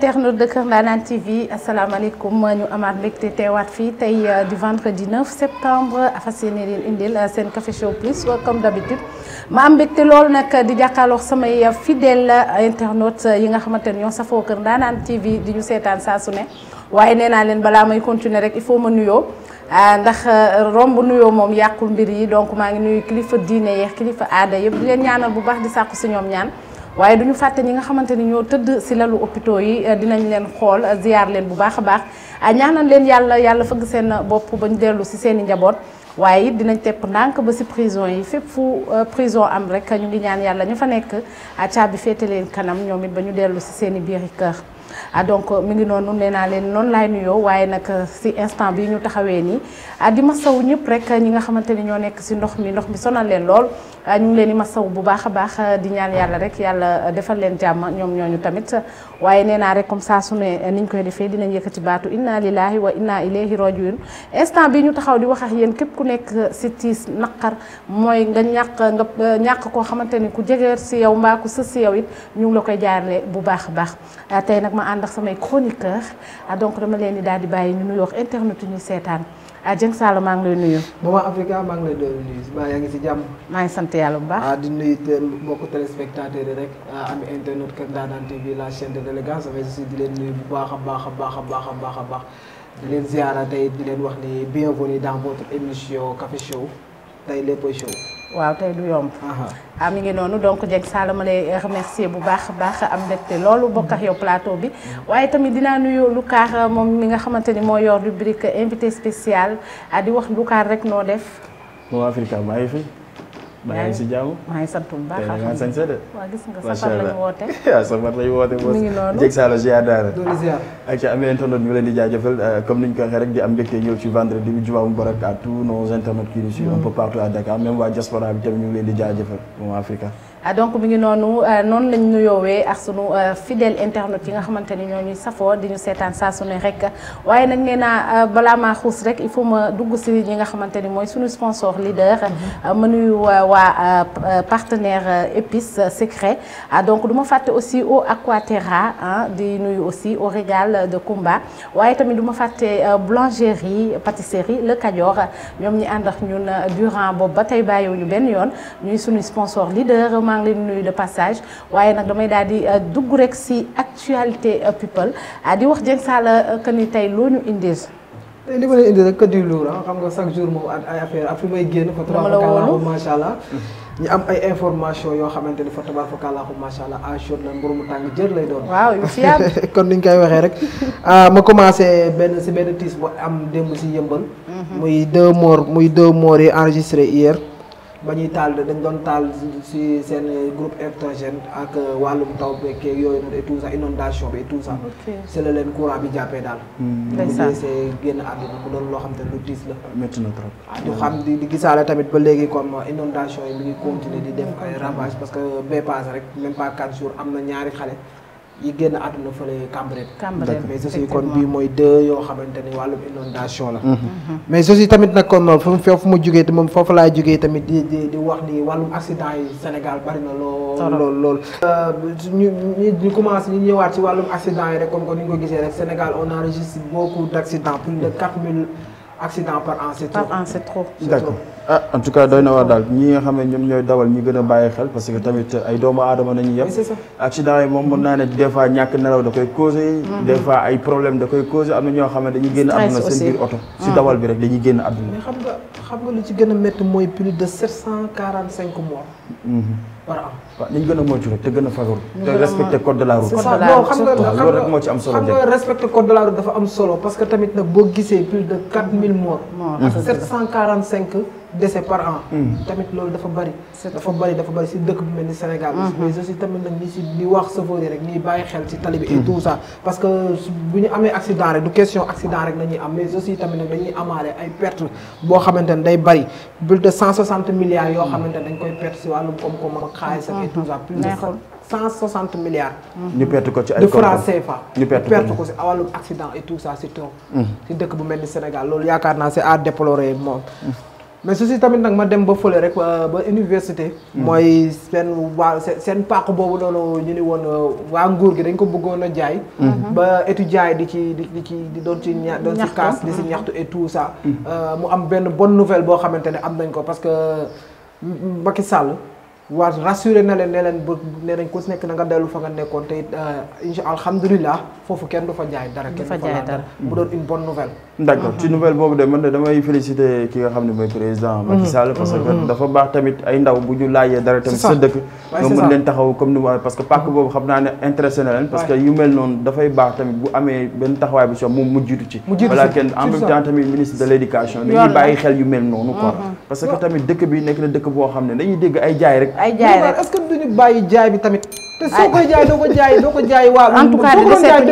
internaute de Kër Ndanane TV asalaamaaleykum ñu amaat mbégte teewaat fii tey euh, du vendredi 9 septembre fas yéene leen indil euh, seen Café Show Plus euh, comme d'habitude ma am mbégte loolu nag di jàkkaarloog samay fidèle internautes yi nga xamante ne ñoo safoo Kër Ndanane TV di ñu seetaan saa su ne waaye neenaa leen balaa may continuer rek il faut ma nuyoo ndax romb nuyoo moom yàqul mbir yi donc maa ngi nuyu kilifa diine yeex kilifa aada yëpp di leen ñaanal bu baax di sàkku si ñoom ñaan. waaye duñu fàtte ñi nga xamante ni ñoo tëdd si lalu hôpitaux yi euh, dinañ leen xool euh, ziyaar leen bu baax a baax ah, ñaanal leen yàlla yàlla fëgg seen bopp ba ñu dellu si seeni i njaboot waaye it dinañ tepp ndànk ba si prison yi fépp fu euh, prison am rek ñu ngi ñaan yàlla ñu fa nekk ah, caabi féete leen kanam ñoom it ba ñu dellu si seen i biiri kër. ah donc mu ngi noonu nee naa leen noonu laay nuyoo waaye nag si instant bi ñu taxawee nii ak ah, di ma sow ñëpp rek ñi nga xamante ni ñoo nekk si ndox mi ndox mi sonal leen lool Euh, ñu ngi leen di ma masaw bu baax a baax euh, di ñaan yàlla rek yàlla euh, defal leen jàmm ñoom ñooñu tamit waaye nee naa rek comme saa su ne niñ koy defee dinañ yëkkati baatu inna lillahi wa inna ilayhi rajiun instant bi ñu taxaw di wax ak yéen képp ku nekk si tiis naqar mooy nga ñàkk nga ñàkk koo xamante ni ku jegeer si yow mbaa ku sës si yow it ñu la koy jaarale bu baax a baax tey nag ma ànd ak samay chroniqueur donc dama leen di daal di bàyyi ñu wax internet ñu seetaan ah Dieng Sall maa ngi lay nuyu. Mama Africa maa ngi lay doon nuyu ba yaa ngi si jàmm. maa ngi sant yàlla bu baax. ah di nuyu mbokku téléspectateur yi rek ah, am internet Keur Ndanane TV la chaîne de l'élégance mais aussi di leen nuyu bu baax a baax a baax a baax a baax a baax di leen ziara tey di leen wax ni bienvenue dans votre émission Café Show tey lépp show. waaw tey du yomb. am ah, mu ngi noonu donc jeg Sall ma lay remercier bu baax a baax am mbégte loolu mm-hmm. bokk ak yow plateau bi. Mm-hmm. waaye tamit dinaa lu kaara euh, moom mi nga xamante ni moo yor rubrique invité spécial ah, di wax lu Lukaar rek noo def. moo Afrika maa ba ngeen si jàmm maa ngi sant bu baax tey nga sañse de waaw gis nga safar lañu woote waaw safar lañu woote bos jeg saala ziar daara ak am internet ñu leen di jaajëfal euh, comme am mbégte partout à Dakar même waa diaspora bi tamit ñu ngi leen di jaajëfal moom Africa Ah, donc mi ngi noonu ah, noonu lañ nuyoowee ak sunu ah, fidèle internet yi nga xamante ni ñoo ñuy safoo di ñu seetaan saa sunu ne rek waaye nag nee naa balaa maa xuus rek il faut ma dugg si ñi nga xamante ni mooy sunu sponsor leader. Mm-hmm. ma nuyu waa partenaire épice secret donc du ma fàtte aussi au Aquaterra di nuyu aussi au régal de Kumba waaye tamit du ma fàtte boulangerie pâtisserie Le Cadior ñoom ñi ànd ak ñun durant boobu ba tey bàyyiwu benn yoon ñuy sunu sponsor leader. maa ngi leen nuyu de passage waaye nag damay daal di euh, dugg rek si actualité euh, people euh, di wax Dieng Sala que ni tey loo ñu indil. tey li ma leen indi rek que du lourd ah. xam nga chaque jour moom ak ay affaire ak fi may génn. fa trois kàllaahu macha allah. ñu am ay information yoo xamante ni fa tabarakallahu macha allah à jour la mburu mu tàng jër lay doon. waaw yu fiable kon ni ñu koy waxee rek ah, ma commencé benn si benn tiis bu am démb si yëmbal. Mhm. muy deux morts muy deux morts yi enregistré ba ñuy taal dañ doon taal si seen groupe électrogène ak wàllum taw beeg yooyu noonu et tout ça inondation bi et tout ça. c'est la leen courant bi jàppee daal. Hmm. ndeysaan bu génn àdduna ku doon loo xam te lu diis la. métti na trop. ah di gisaale tamit ba léegi comme inondation yi mi ngi continuer di def ay ravages parce que bee paase rek même pas 4 jours am na ñaari xale. yi génn àdduna fële Cambérène. Cambérène mais aussi kon bii mooy deux yoo xamante ni wàllum inondation la. Mm-hmm. Mm-hmm. mais aussi tamit nag kon fu mu foofu mu jugee moom foofu laay jógee tamit di di di wax ni wàllum accident yi Sénégal bari na lool. lool lool. Euh, ñu ñu ñu commencé ñu ñëwaat ci wàllum accident yi rek comme que ni ñu ko gisee rek Sénégal on enregistre beaucoup d' accidents plus de quatre mille accident par an c' est trop. par an c' ah en tout cas doy na waar daal ñi nga xam ne ñoom ñooy dawal ñi gën a bàyyi xel parce que tamit ay doomu aadama nañu yem accident yi moom mën naa ne des ñàkk nelaw da koy causé mm-hmm. des fois ay problème da koy causé am na ñoo xam ne dañuy génn àdduna seen biir oto si mm-hmm. dawal bi rek dañuy génn àdduna mais xam nga xam nga lu ci gën a métti mooy plus de sept cent quarante cinq morts mm-hmm. war a am waaw loolu moo ci am solo dafa am solo parce que tamit nag boo gisee plus de quatre décès par an. Mm. tamit loolu dafa bari. dafa bari dafa bari si dëkk bu mel ni Sénégal. Mm-hmm. mais aussi tamit nag ñi si di wax chauffeur yi rek ñuy bàyyi xel si tali bi. et mm-hmm. tout parce que bu ñu amee accident rek du question accident rek la ñuy am mais aussi tamit nag dañuy amaale ay perte boo xamante ne day bari plus de cent soixante milliards yoo xamante ne dañ koy perte si wàllum koom-koom ak xaalis ak et tout ça. de mm-hmm. cent soixante milliards. ñu perte ko ci ay de francs CFA. ñu ko si wàllum accident et tout ça surtout. si dëkk bu mel ni Sénégal loolu yaakaar naa c'est à déplorer moom. mais su si tamit nag ma dem ba fële rek euh, ba université. Hmm. mooy seen waa seen pàq boobu noonu ñu ni woon euh, waa nguur gi dañ ko bëggoon a jaay. Hmm. Mhm. ba étudiants jaay di ci di ci di doon ci ña doon ci kaas di si ñaxtu et tout ça. Hmm. Euh, mu am benn bonne nouvelle boo xamante ne am nañ ko parce que Macky Sall. waa rassuré na leen ne leen ba ne nañ ku si nekk na nga dellu fa nga nekkoon te it incha alhamdulilah foofu kenn du fa jaay dara. kenn du fa jaay dara mu doon une bonne nouvelle. d'accord ci nouvelle boobu de man de damay féliciter ki nga xam ne mooy président mhm. Macky Sall parce que mhm. dafa baax tamit ay ndaw bu ñu laajee dara tamit sa dëkk nga leen taxaw comme ni mu parce que pàcc mhm. boobu xam naa ne intéressé parce que yu mel noonu dafay baax tamit bu amee benn taxawaay bu si mu jiitu ci voilà kenn en même temps tamit ministre de l'éducation dañuy bàyyi xel yu mel noonu parce que tamit dëkk bi nekk na dëkk boo xam ne te soo koy jaay doo ko jaay doo ko jaay waaw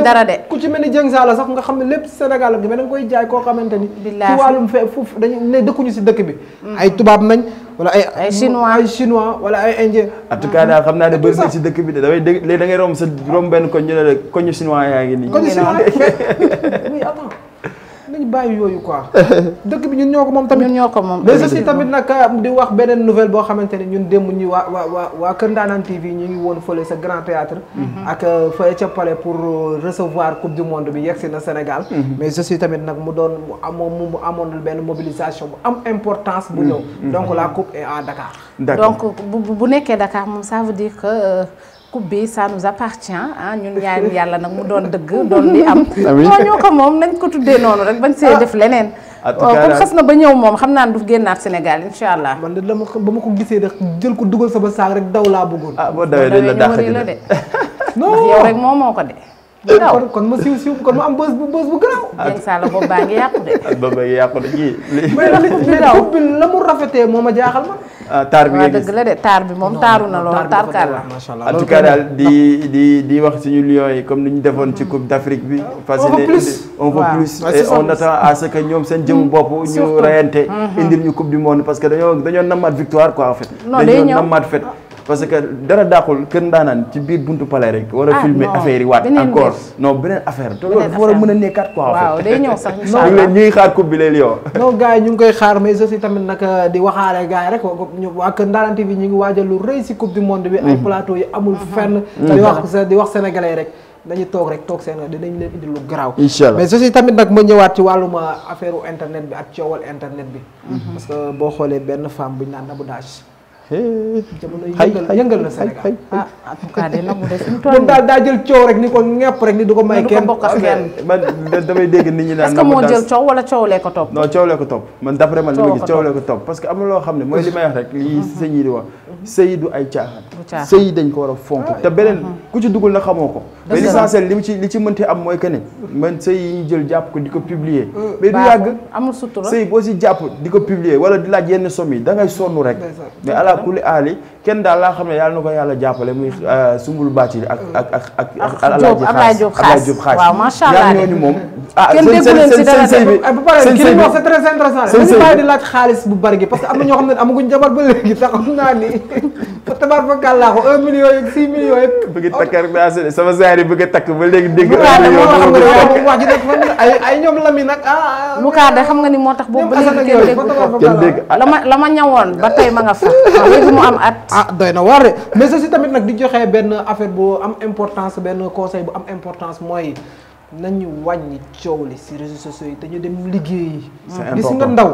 dara de ku ci mel ni Dieng Saala sax nga xam ne lépp Sénégal la mais da nga koy jaay koo xamante ni ci wàllum fe foofu dañu ne dëkkuñu si dëkk bi ay tubaab nañ wala ay ay chinois ay wala ay indien en daal xam naa ne bëri na si dëkk bi de damay dégg da ngay romb sa romb benn koñ ñu ne la koñu chinois yaa ngi nii koñu chinois bàyyi yooyu quoi. dëkk bi ñun ñoo ko moom tamit. ñun ñoo ko moom mais aussi tamit nag euh, di wax sa Grand Théâtre mm-hmm. euh, euh, na Sénégal. Mm-hmm. mais aussi tamit nag mu doon mu amoon benn mobilisation bu am importance. bu ñëw mm-hmm. donc la coupe est à Dakar. donc bu bu nekkee Dakar moom ça veut que. coupe bi ça nous ah, ñun ñaan yàlla nag mu doon dëgg doon di am. amiin ah ñoo ko moom nañ ko tuddee noonu rek bañ see ah. def leneen. en tout oh, xas na ba ñëw moom xam naa du génnaat Sénégal incha allah. man la dama ba ma ko gisee rek jël ko dugal sama saag rek daw laa bëggoon. ah boo dawee dañ la dàq non yow rek moo ko de. kon kon ma siiw siiw kon ma am bës bu bës bu garaaw. Dieng Saalum boobu baa ngi yàqu de. ak boobu ngi yàqu de ji. la mu rafetee moo ma jaaxal man. taar bi nga gis taar bi moom taaru na lool taar kaar la. macha allah en tout cas daal di di di wax suñu lions yi comme ni ñu defoon ci coupe d' Afrique bi. on veut plus plus et on attend à ñoom seen jëmu mm. bopp ñu reyante. Mm-hmm. indil ñu coupe du monde parce que dañoo dañoo namaat victoire quoi en fait. non day ñëw namaat fête. parce que dara dàqul kër ndaanaan ci biir buntu palais rek. war a ah, filmer affaire yi waat encore non beneen affaire. beneen dafa war a mën a nekkaat quoi. waaw day ñëw sax incha allah ñu ngi xaar coupe bi léegi yow. non gars ñu ngi koy xaar mais aussi tamit nag euh, di waxaale gars yi rek waa kër ndaanaan TV ñu ngi waajal lu si coupe du monde mm-hmm. yi amul mm-hmm. fenn. Mm-hmm. di wax di rek. dañu toog toog seen dinañ leen garaaw. incha allah mais tamit nag ma ñëwaat ci wàllum euh, affaire internet bi ak coowal internet bi. parce que boo xoolee benn femme bu ñu naan Nabou Dash jamono yëngal na Sénégal ah en tout cas de ni ko ñepp rek ni du ko may kenn du ko bokk ak kenn man damay dégg nit ñi naan est-ce que moo jël coow wala coow lee ko topp non coow lee ko yi di mm-hmm. dañ ko war a fonk ah, te beneen mm-hmm. ku ci dugul na xamoo ko mais l'essentiel li mu ci li ci mënti am mooy que ne man sëy yi ñu jël jàpp ko di ko publier mm, mais du yàgg amul sutura sëy boo si jàpp di ko publier wala di laaj yenn somme yi da ngay rek kulli aali kenn daal laa xam ne yàlla na ko yàlla jàppale muy euh, sumbul bàcci ak ak ak ak ak Ablaye Diop xaas Ablaye Diop xaas waaw macha allah ñooñu moom ah kenn déggu leen si dara sëy bi ba pare ki li wax c'est très intéressant dañu bàyyi di laaj xaalis bu bari gi parce que am na ñoo xam ne amaguñ jabar ba léegi tax xam naa ni tabar ba gàllaaxu un million yeeg six millions yeeg. bëgg takk rek a takk ba léegi dégg. un million dugg wax ay ay ñoom nag ah. Luka ah, ah. de xam nga ni moo tax boobu ba léegi kenn dégg la ma la ma ñawoon ba tey ma nga fa léegi mu am at. ah doy na waar de mais ceci tamit nag di joxe benn affaire bu am importance benn conseil bu am importance mooy. nañu wàññi coow li si réseaux sociaux yi te ñu dem liggéeyi. gis nga ndaw.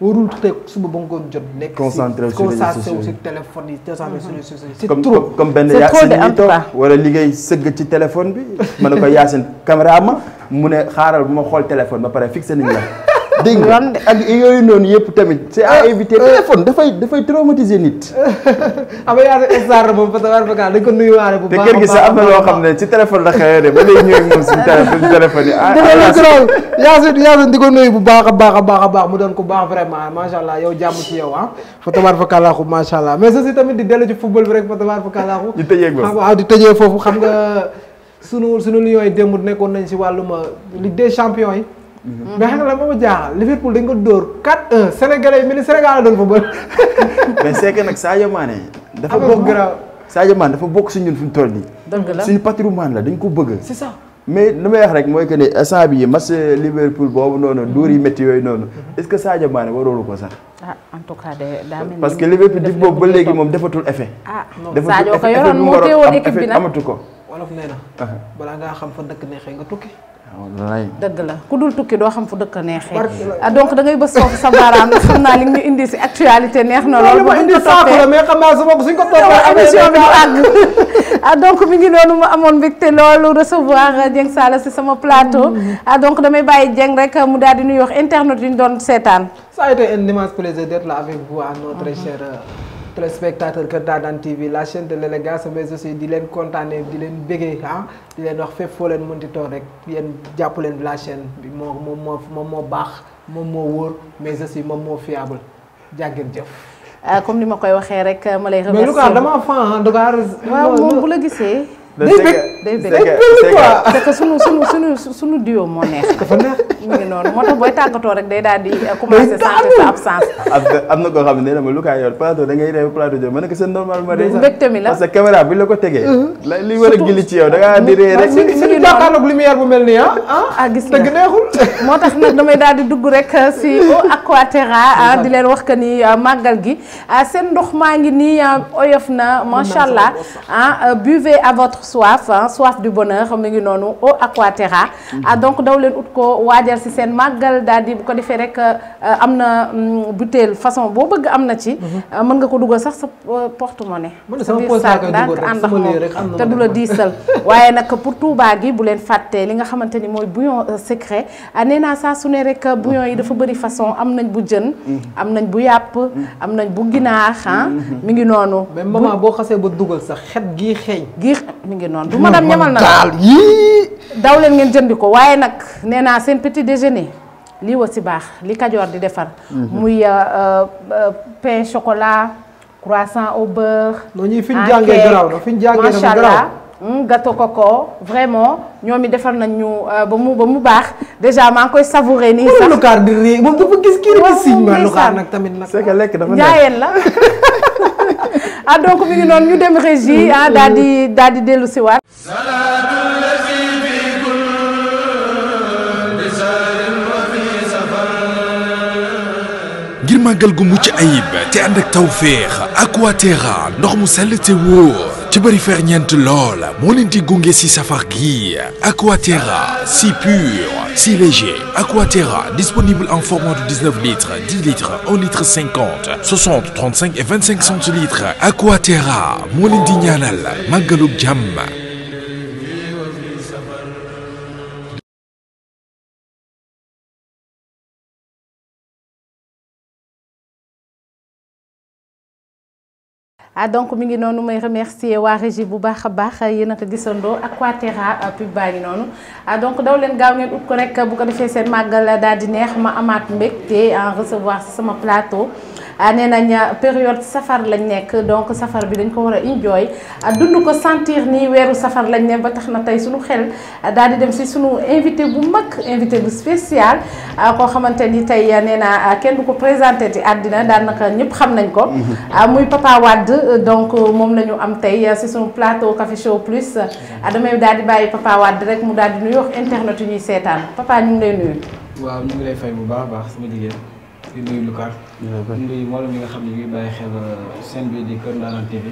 warul teg suba ba ngoon jot. nekk si concentré wu si téléphone yi mm-hmm. c'est trop comme benn Yacine yi toog wala liggéey sëgg ci téléphone bi. mën na ko Yacine caméra ma mu ne xaaral bu ma xool téléphone ba pare fixé nañ la. dégg nga ak yooyu noonu yëpp tamit c'est a euh, éviter euh. téléphone dafay dafay traumatiser nit. xam nga yaa ngi star moom parce que war ko nuyuwaale gi sax am na loo xam ne ci téléphone la moom suñu téléphone suñu téléphone yi. ah Yacine ah, ah. Yacine di ko nuyu bu baax a baax a baax a baax mu doon ko baax vraiment macha allah yow jàmm ci yow ah fa tabaarakallaah macha allah mais aussi tamit di dellu ci football bi rek fa tabaarakallaah. di tëjee ko ah, waaw di tëjee foofu xam nga sunu sunu Lions yi démb nekkoon nañ si wàlluma Ligue des champions yi Mhm. mais xam nga la moom a jaaxal Liverpool dañ ko dóor 4-1 sénégalais yi mel ni Sénégal la doon fa bëri. mais c'est que nag Sadio Mané. dafa bokk garaaw Sadio Mané dafa bokk si ñun fi mu toll nii. dëgg la suñu patrimoine la dañ ko bëgg. c'est ça mais li rek mooy que ne instant bii match Liverpool boobu noonu dóor yi métti yooyu noonu est-ce que Sadio Mané waroolu ko sax. ah en tout cas de daa parce que Liverpool di boobu ba léegi moom defatul effet. ah Sadio ko yoroon moo teewoon équipe bi nag amatu ko. wolof nee na. Uh-huh. balaa ngaa xam fa dëkk neexee nga tukki. dëgg la ku dul tukki doo xam fu dëkk neexee. Ah, donc da ngay bës foofu sa baaraam xam naa li ñu indi si actualité neex na lool. bu ñu ko toppee xam naa su ma suñ ko bi tàgg. ah donc mi ngi noonu ma amoon mbégte loolu recevoir Dieng Sala si sama plateau. ah donc damay bàyyi Dieng rek mu daal di nuyu wax internet yu ñu doon seetaan. ça a été un téléspectateur Kër Ndanane TV la chaîne de l'élégance mais aussi di leen kontaanee di leen bégee ah di leen wax fépp foo leen mënti toog rek yéen jàpp leen la chaîne bi moo moom moo moom moo baax moom moo wóor mais aussi moom moo fiable jàngeen jëf. Ah, comme ni ma koy waxee rek ma lay. remercier mais Louga moom bu la gisee. day bëgg day bëgg quoi parce que sunu sunu sunu sunu duo moo neex. dafa neex mu tax booy tàggatoo rek day daal di eh, commencer sentir sa absence. am na koo xam lu kaay yor plateau da ngay rew plateau jëm ma ne ko normal ma. mbégte mi la parce que caméra bi la ko tegee. Uh-huh. li war a gili ci yow da ngaa di ree rek. jàkkaarloog lumière ah. Oh, ah, gis nga neexul. moo tax nag damay daal di dugg rek euh, si Aquaterra ah di leen wax que ni euh, màggal gi seen ndox maa ngi nii oyof na macha allah ah buvez à votre soif ah soif du bonheur mi ngi noonu au Aquaterra. Mm-hmm. ah donc daw leen ut ko waajal si seen màggal daal di bu ko defee rek am na mm, butéel façon boo bëgg am na ci. Mm-hmm. mën nga ko dugal sax sa porte-monnaie. sa biir saak daal ànd ak moom te du la diisal waaye nag pour Touba gi. bu leen fàtte li nga xamante ni mooy bouillon euh, secret ah, nee naa saa su ne rek euh, bouillon yi dafa bëri façon am nañ bu jën am nañ bu yàpp am nañ bu ginaar ah mi ngi noonu mais maman boo xasee ba dugal sax xet gii xeeñ gii mi ngi noonu du madame ñamal na daal yii daw leen ngeen jëndi ko waaye nag nee naa seen petit déjeuner lii wa si baax li kajoor di defar muy euh, pain chocolat croissant au beurre. non ñii fi ñu jàngee garaaw na fi ñu jàngee na garaaw Hmm, gâteau coco vraiment ñoom it defar nañ ñu euh, ba mu mu baax déjà maa ngi koy savourer nii sax lukaar di réer moom dafa gis kii rek signe ma lukaar nag tamit nag c'est que lekk dafa njaayeen la ah donc mi ngi noonu ñu dem régie mm-hmm. ah daal di daal di dellu si waat ngir màggal gu ci ayib te ànd ak tawféex Aquaterra ndox mu sell te wóor ci bëri ferñeent lool moo leen di gunge si safar gi Aquaterra si pur si léger Aquaterra disponible en format de 19 litres 10 litres 1 litre 50 60 35 et 25 centilitres Aquaterra moo leen di ñaanal màggalug jàmm ah donc mi ngi noonu may remercier waa régie bu baax a baax yéen a ko gisandoo Aquaterra euh, pub baa ngi noonu ah donc daw leen gaaw ngeen ut ko rek bu ko defee seen màggal daal di neex ma amaat mbégte en ah, recevoir sama plateau Ah, nee nañ ah, période safar lañ nekk donc safar bi dañ ko war a enjoy ah, dund ko sentir nii weeru safar lañ ne ba tax na tey suñu xel daal di dem si suñu invité bu mag invité bu spécial a koo xamante ni tey nee naa kenn du ko présenté ci àddina daal naka ñëpp xam nañ ko mm-hmm. muy Papa Wade donc moom la ñu am tey si suñu plateau Café Show Plus mm-hmm. damay daal di bàyyi Papa Wade rek mu daal di nuyu wax internet yu ñuy seetaan papa ñu ngi lay nuyu waaw ñu ngi lay fay bu baax baax sama jigéen di nuyu Lukaar. di nuyu mboolem yi nga xam ne ñu ngi bàyyi xel euh, seen bi di Kër Ndanane TV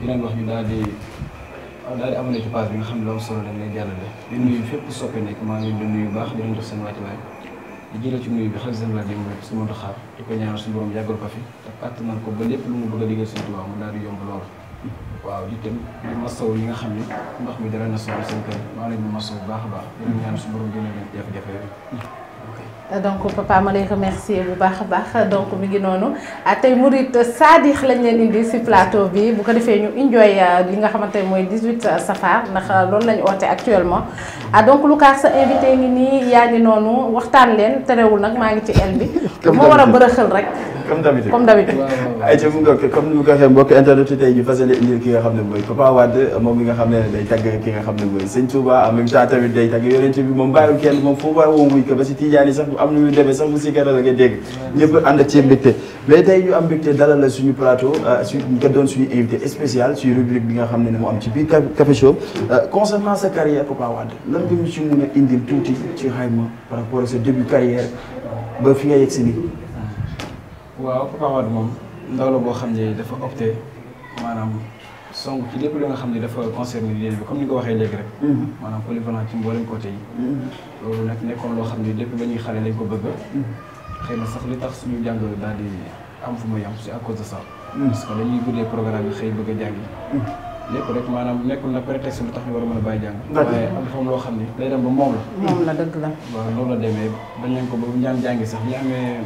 di leen wax ñu daal di euh, daal di abonné ci page bi nga xam ne loolu solo dañ lay jàllale. di nuyu fépp soppe nekk maa ngi baax di leen jox seen wàccuwaay di jëlee ci nuyu bi xel seen la di mooy su ma doxaar di ko fi te kàttanal ko ba lépp lu mu bëgg a liggéey suñu tubaab mu daal di yomb lool. waaw di itam ma masaw yi nga xam ne ndox mi dara na solo seen kër maa ngi leen di masaw bu baax a baax di leen ñaanal suñu borom gën a jafe-jafe donc papa ma lay remercier bu baax a baax donc mi ngi noonu ah, tey Mouride Sadikh lañ leen indi si plateau bi bu ko defee ñu enjoy ah, li nga xamante ne mooy 18 safar ndax ah, loolu lañ oote actuellement ah donc Lucas sa invité ngi nii yaa ngi noonu waxtaan leen terewul nag maa ngi ci el bi. moo war a bërëxal rek. comme d'habitude comme d'habitude. comme ni yi nga xam ne Papa Wade moom mi nga xam ne day tagg ki nga xam ne mooy Sëñ Touba en même temps tamit day tagg yonent bi moom bàyyiwul kenn moom foo bàyyiwoo wuy ko am na muy demee sax mu sikara la nga dégg ñëpp ànd ci mbégte mais tey ñu am mbégte dalal suñu plateau euh, su nga doon suñu invité spécial suñu rubrique bi nga xam ne ne mu am ci biir Café Show euh, concernant sa carrière Papa Wade lan nga ñu ci mun a indil tuuti ci xayma par rapport à sa début carrière ba fi nga yegg si nii waaw Papa Wade moom ndaw la boo xam ne dafa opté maanaam song ci lépp li nga xam ne dafa concerné liggéey bi comme ni nga ko waxee léegi rek. Mm-hmm. maanaam polyvalent ci mboolem côté yi. Mm-hmm. loolu nag nekkoon loo xam ne lépp ba ñuy xale lañ ko bëgg. Mm-hmm. xëy na sax li tax suñu daal di am fu mu yam c'est à cause de ça. parce que dañuy guddee programme yi bëgg a jàngi. lépp rek maanaam nekkul na prétexte lu tax ñu war a mën a bàyyi jàng. waaye am loo xam ni day dem ba moom la. moom la dëgg la. waaw loolu la demee bañ nañ ko ba bu ñu daan jàngi sax ñu amee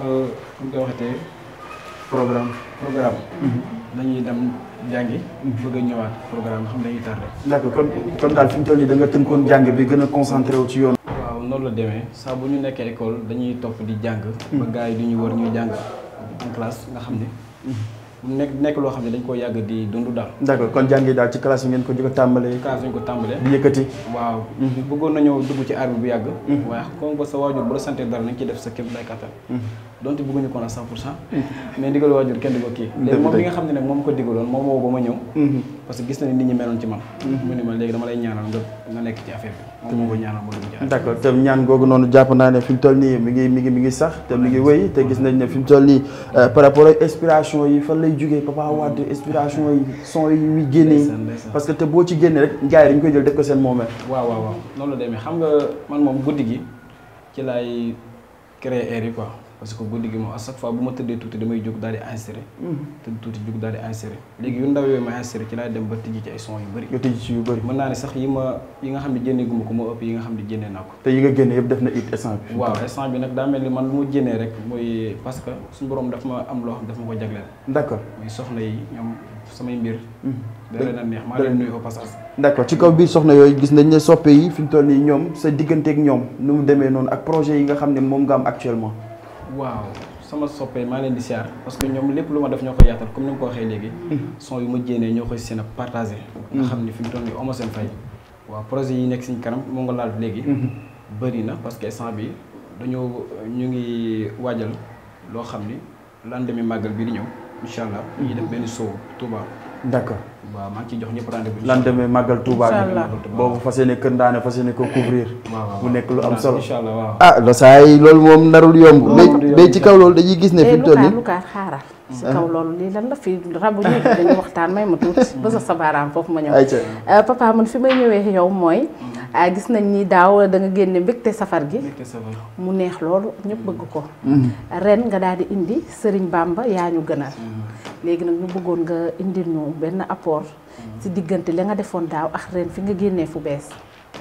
euh, nu ñu koy waxatee programme. programme dañuy dem. jàngi bëgg a ñëwaat programme xam nañu tardé. d'accord kon daal fi mu toll nii da nga tënkoon jàng bi gën a concentré wu ci yoon. waaw noonu la demee saa bu ñu nekkee école dañuy topp di jàng. ba gars yi du ñu war ñuy jàng en classe nga xam ne. Mhm. nekk nekk loo xam ne dañ koo yàgg di dund daal. d'accord kon jàngi daal ci classe yi ngeen ko jëkk tàmbalee. classe yi ñu ko tàmbalee. di yëkkati. waaw mhm. bëggoon nañoo dugg ci aar bu yàgg. Mhm. waaye comme que sa waajur bu la sant dara nañ ci def sa kéem lay donte bëgguñu ko na 100 pour cent mm. mais ndigalu waajur kenn du ko kii léegi moom mi nga xam ne nag moom ko digaloon moom woo ma ñëw mm-hmm. parce que gis na ni nit ñi meloon ci man mm-hmm. mu ne ma léegi dama lay ñaanal nga nekk ci affaire bi moom moo ko mm-hmm. ñaanal fi mu toll nii mi ngi mi ngi mi ngi sax te mi ngi wéy te gis nañ ne fi mu toll nii euh, par rapport ak inspiration yi fa lay jógee Papa Wade inspiration yi son yi muy génnee parce que te boo ci génnee rek gars yi dañ koy jël def ko seen moomeel waaw waaw waaw noonu la nga man moom guddi gi ci laay créer air parce que guddi gi moom à chaque fois bu ma tëddee tuuti damay jóg daal di insérer. Hmm. tëdd tuuti jóg daal di insérer. léegi yu ndaw yooyu ma insérer ci laay dem ba tijji ci ay son yu bëri. nga tijji ci yu bëri. mën naa ne sax yi ma yi nga xam ne génne gu ma ko moo ëpp yi nga xam ne génne na it essence nag man lu ma génnee rek mooy parce que suñu borom daf ma am loo xam daf ma ko jagleel. d'accord muy soxna ñoom samay mbir. Hmm. da leen a neex maa leen nuyu au passage. d'accord ci kaw biir soxna yooyu gis nañ ne soppe yi fi mu toll nii ñoom sa digganteeg ñoom nu mu demee noonu ak projet yi nga xam ne moom nga am actuellement waaw sama soppee maa leen di siyaar parce que ñoom lépp lu ma def ñoo koy yaatal comme ni nga ko waxee léegi. Hmm. son yu ma jéenee ñoo koy seen a partagé. Hmm. nga xam ni fi mu toll nii Omo Sène Faye waaw projet yi nekk suñ kanam moo nga laal léegi. Hmm. bëri na parce que instant bi dañoo ñu ngi waajal loo xam ni lendemain màggal bi di ñëw incha allah. ñu def benn sow Touba. d'accord. waaw maa ngi ciy jox ñëpp rendez-vous. lendemain màggal Touba bi boobu fas yéene kër ndaane fas yéene ko couvrir. mu nekk lu am solo ah la saay loolu moom narul yomb. day ci kaw loolu dañuy gis ne. fi mu toll nii eh, Luka xaaral. si hmm. kaw loolu lii lan la fi rabu ñu dañu waxtaan may ma tuuti ba sa baaraam foofu ma ñëw. Euh, papa man fi may ñëwee yow mooy. Hmm. ah gis nañ ni daaw danga nga génne mbégte safar gi mu neex loolu ñëpp bëgg ko hmm. ren nga daal di indi sëriñ baam ba yaa ñu gënal léegi nag ñu bëggoon nga indi ñu benn apport. si diggante li nga defoon daaw ak ren fi nga génnee fu bees.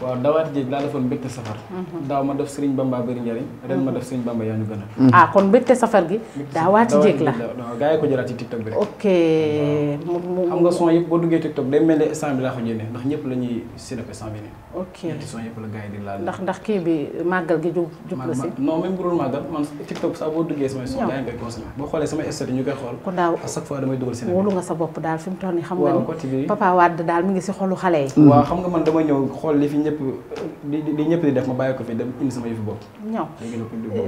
waaw dawaati jéeg laa defoon mbégte safar mhm. daaw ma def mhm. mhm. ah, la gars yi ko jëlaat ci TikTok bi bi ndax ndax kii bi màggal gi jub jub la si non même bu màggal man TikTok sax boo duggee samay son gars yi ngay consommé boo xoolee samay statut ñu koy xool kon daaw chaque fois damay dugal si wóolu sa bopp daal fi mu toll nii xam nga ni papa daal mi ngi si xolu xale yi waaw xam nga man dama ñëw xool li fi lépp li ñëpp di def ma bàyyi ko fi dem indi sama yëfu bopp. ñaw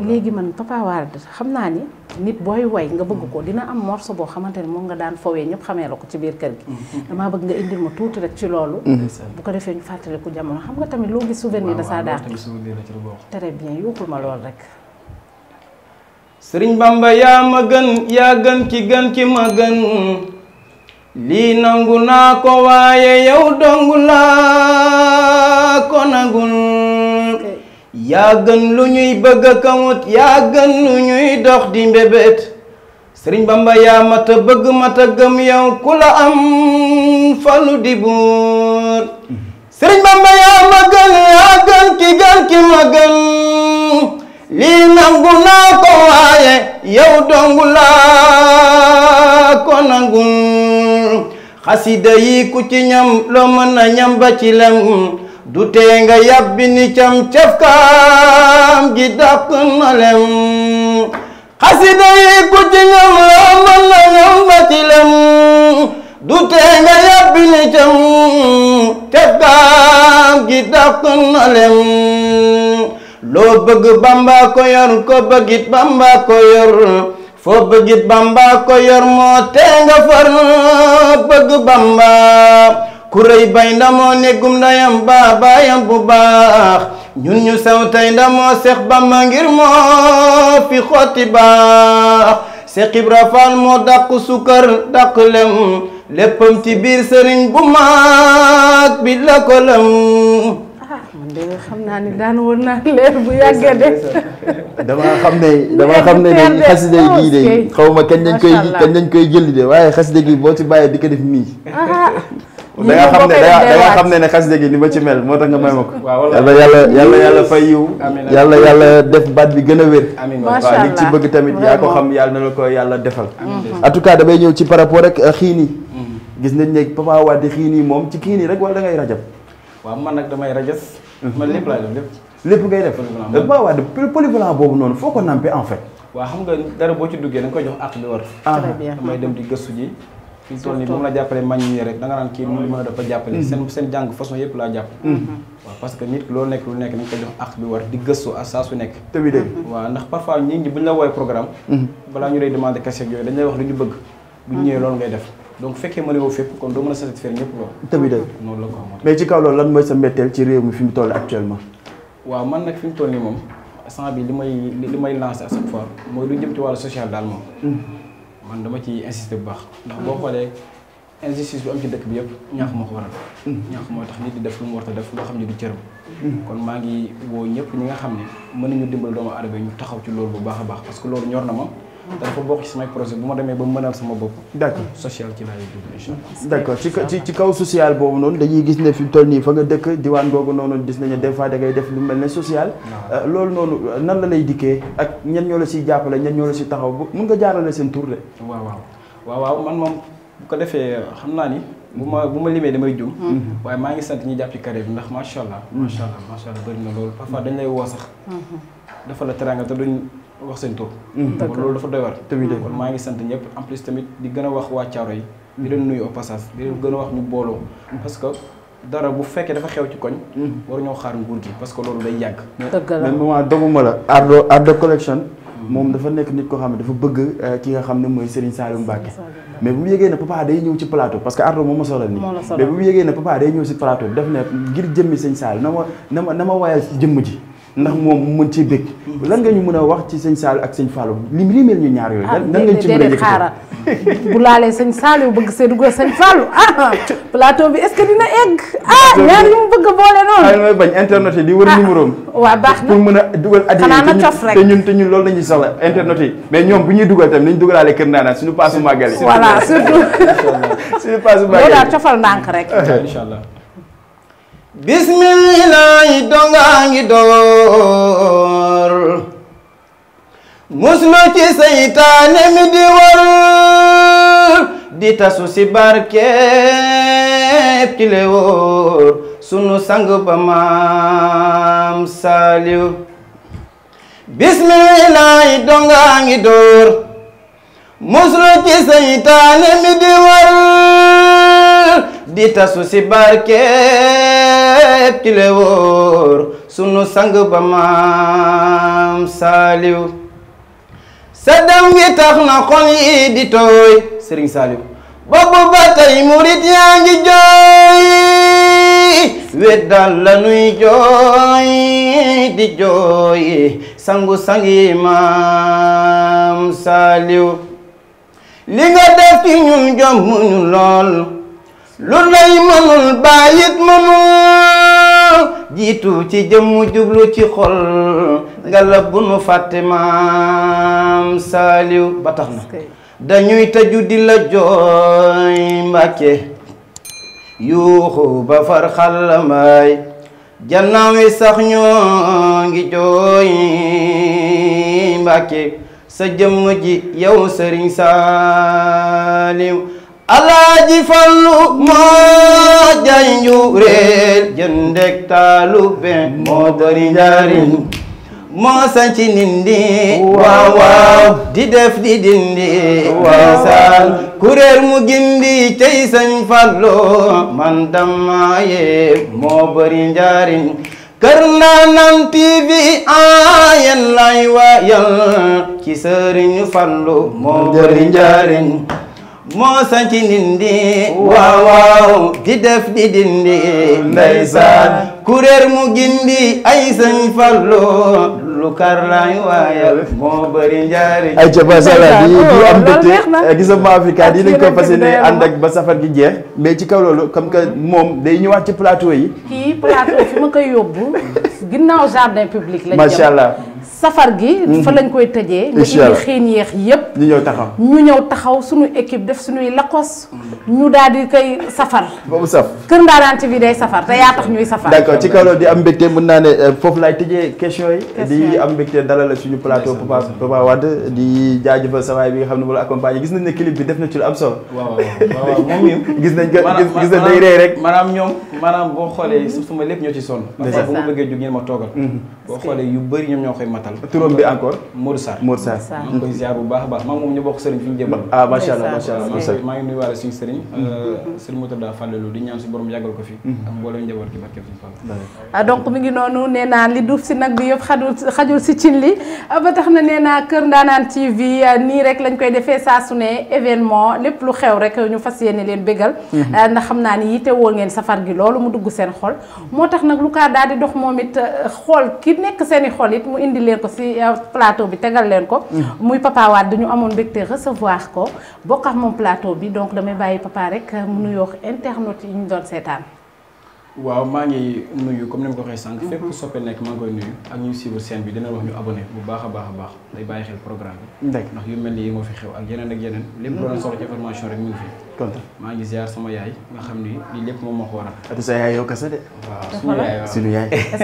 léegi man Papa Wade xam naa ni nit booy way nga bëgg ko mm-hmm. dina am morceau boo xamante ne moom nga daan fowee ñëpp xamee la ko ci biir kër gi. Mm-hmm. damaa bëgg nga indil ma tuuti rek ci loolu. Mm-hmm. bu ko defee ñu fàttaliku jamono xam nga tamit loo gis souvenir da saa daan très bien yóbbul ma loolu rek. sëriñ Bamba yaa ma gën yaa gën ki gën ki ma gën. lii nangu naa ko waaye yow dongu laa ko nagul yaa gën lu ñuy bëgg a kawut yaa gën lu ñuy dox di mbébét sëriñ bamba yaa mat bëgg mat gëm yow ku la am falu di buur sëriñ bamba yaa ma gën yaa gën ki gën ki ma gën lii nangu naa ko waaye yow dongu laa ko nangul xasida yi ku ci ñam loo mën a ñam ci lem du tee nga yàbbi ni cam cafkaam gi dàq na lem xasida yi ku ci ñam la na ñam ba lem du tee nga yàbbi ni cam cafkaam gi dàq na lem loo bëgg bamba ko yor ko bëggit bamba ko yor foo bëggit bamba ko yor moo tee nga far bëgg bamba ku rëy bay ndamoo néggum ndayam baa baayam bu baax ñun ñu sew tey ndamoo seex bamba ngir moo fi xotti baax seex ibra faal moo dàq sukkar dàq lem léppam ci biir sëriñ bu maag bi la ko lem ah, dégg xam naa ni naa leer bu yàggee de. damaa xam ne damaa xam ne de xaside oh, gii de xaw ma kañ koy kañ lañ koy jëli de waaye xaside gi boo ci bàyyee di ko def nii. Ah, da nga xam ne da nga xam ne ni ma ci mel moo tax nga may ma ko. yàlla yàlla yàlla fay yiw yàlla yàlla def baat bi gën a wér. waaw li ci bëgg tamit yaa ko xam yàlla na la ko yàlla defal. en tout cas damay ñëw ci par rapport rek xii nii gis nañ ne Papa Wade xii nii moom ci xii nii rek wala da ngay rajab. waaw man nag damay rajas. Mm-hmm. man lépp laay def lépp. lépp ngay def euh, Papa Wade polyvalent boobu noonu foo ko nampé en fait. waaw xam nga dara boo ci duggee da nga koy jox àq bi war. Ah. damay dem di gëstu ji fi mu toll nii bu mu la jàppale maññi rek da naan kii mën a dafa jàppale mm-hmm. seen seen jàng façon yëpp laa jàpp mm-hmm. parce que nit loo nekk lu nekk nañ ko jox ak bi war di gëstu à saa su nekk te bi mm-hmm. ndax parfois nit ñi bu la woowee programme balaa ñu lay demandé question yooyu dañ lay wax lu ñu bëgg bu ñu ñëwee loolu ngay def donc fekkee mën woo fépp kon doo mën a satisfaire ñëpp loolu te bi dégg noonu la ko ci kaw loolu lan mooy sa mbetteel ci réew fi mu toll actuellement waaw man nag fi mu toll nii moom sant bi li may may lancé mooy lu jëm ci wàllu social daal moom man dama ci insister bu baax ndax boo xoolee injustice bu am ci dëkk bi yëpp ñaax moo ko waral mm. ñaax moo tax nit di def lu mu war def loo xam ne du cëram mm. kon maa ngi woo ñëpp ñi nga xam ne mën nañu dimbal doomu aadama ñu taxaw ci loolu bu baax a baax parce que loolu ñor na ma dafa bokk ci samay projet bu ma demee ba mënal sama bopp. d'accord social ci laay dugg incha ci ci kaw social boobu noonu dañuy gis ne fi mu toll nii fa nga dëkk diwaan googu noonu gis nañu des fois def lu mel ne social. Euh, loolu noonu nan la lay dikkee ak ñen ñoo la si jàppale ñen ñoo la si taxaw ba mun nga jaarale seen tur de. waaw waaw waaw waaw man moom bu ko defee xam naa ni. bu ma bu ma limee damay jum mm-hmm. waaye maa ngi sant ñi jàpp ci carré bi ndax macha allah. Mm-hmm. macha allah macha allah dafa la teraanga te duñ wax seen tur mm. loolu dafa doy war kon maa ngi sant ñëpp en plus tamit di gën a wax waa Thiaroye yi di leen nuyu au passage di gën a wax ñu booloo mm. parce que dara bu fekkee dafa xew ci koñ mm. war ñoo xaar nguur gi parce que loolu day yàgg mais moment doguma la Ardo Ardo collection moom dafa nekk nit koo xam ne dafa bëgg euh, ki nga xam ne mooy Serigne Saliou Mbacké mais bu mu yëgee ne papa day ñëw ci plateau parce que Ardo moom ma solal nii mais bu mu yëgee ne papa day ñëw ci plateau def ne ngir jëmmi Serigne na ma ma na ma wayal ci jëmm ji ndax moom mu mën ci bëgg lan nga ñu mën a wax ci sëñ Saliou ak sëñ Fallou lim rimeel ñu ñaar yooyu ah, lan nga ñu ci mën a xaaral bu laalee sëñ Saliou bëgg Seydou sëñ Fallou ah, ah plateau bi est-ce que dina egg ah ñaar yu mu bëgg a boole noonu ay mooy bañ internet yi di wër ah, numéro am waaw baax na pour mën a dugal addi te ñun te ñun loolu lañuy soxla internet yi mais ñoom bu ñuy dugal tamit nañ dugalaale kër naanaan suñu paasu màggal yi voilà surtout suñu paasu màggal yi daal cofal ndànk rek allah bismillahi dongaa ngi door muslu ci seytaane mi di wër di tasu si barkeeb ci le wóor sunu sang ba maam saaliw bismillahi dongaa ngi door muslu ci seytaane mi di wër di tasu si barkeeb ci le wóor sang ba maam saaliw sa dem wi tax na xol yi di tooy saaliw boobu ba tey murit yaa ngi jooy wet daal nuy jooy di jooy sangu sangi maam saaliw li nga def ñun jom mu lool lu nay mënul bàyyit mënul jiitu ci jëmm jublu ci xol ngala bu nu fàtte maam saaliw ba tax na dañuy tëju di la jooy mbàkke yuuxu ba far xàllamaay jannaaw yi sax ñoo ngi jooy mbàkke sa jëmm ji yow sëriñ saaliw alaaji fallu moo jaay njuureel jëndeg taalube moo dori njariñ moo sanci nindi waaw di def di dindi ndeysaan kuréel mu gindi tey sañ fallu man damaaye moo bari njariñ kër Ndanane TV ah yéen lay waayal ci sëriñ fallu moo bari njariñ moo sañ nindi waaw di def di dindi ndeysaan kuréer mu gindi ay sañ fallu lu kar laay waayal moo bëri njaariñ ay ca basala di di oh, am dëkk eh, gis nga ba safar gi jeex mais ci kaw comme que moom day ñëwaat ci plateau yi kii plateau koy yóbbu ginnaaw jardin public lañ macha allah safar gi mhm. fa lañ koy tëjee nga indi xiin yeex yépp ñu ñëw taxaw ñu ñëw taxaw suñu équipe def suñuy lakos ñu daal di koy safar boobu saf Kër Ndanane TV day safar te yaa tax ñuy safar d'accord ci kaw loolu di am mbégte mën naa ne eh, foofu laay tëjee question yi ñuy am mbégte dalal la suñu plateau Papa Papa Wade di jaajëfal sa waay bi nga xam ne moo la gis nañ ne clip bi def nañ gis ci sonn parce que bu ma bëggee jóg ngeen ma toogal mm-hmm. boo xoolee yu bëri ñoom ñoo koy matal turam bi bu baax a baax maa moom ñu bokk sëriñ fi ñu jëm ah allah macha allah maa ngi nuyu waale suñu sëriñ mm-hmm. euh, sëriñ Moutada Fallou di ñaan suñu borom yàggal ko fi mm-hmm. ak mboolem njaboot gi barke suñu Fall ah, donc mi ngi noonu nee naa li duuf si nag bi yëpp xadul xajul si cin li ba tax na nee naa Kër Ndaanaan TV nii rek lañ koy defee saa su ne événement lépp lu xew rek ñu fas yéene leen bégal mhm. ndax xam naa ni yitte woo ngeen safar gi loolu mu dugg seen xol moo tax nag lu kaar daal di dox moom it xool ki nekk seen i xol it mu indi leen ko si euh, plateau bi tegal leen ko mhm. muy Papa du ñu amoon mbégte recevoir ko bokk ak moom plateau bi donc damay bàyyi papa rek mu yoo internet yi ñu doon seetaan waaw maa ngi nuyu comme ni ma ko waxee sànq. Mhm. fépp ku soppe nekk maa ngi koy nuyu. ak ñu suivre seen bi dina wax ñu abonné bu baax a baax a baax day bàyyi xel programme bi. ndax yu mel ni yi moo fi xew ak yeneen ak yeneen. lépp loo leen soxla ci information maa ngi ziar sama yaay nga xam ni lii lépp moom moo ko waral. ati sa yaay yow kese de. waaw suñu yaay waaw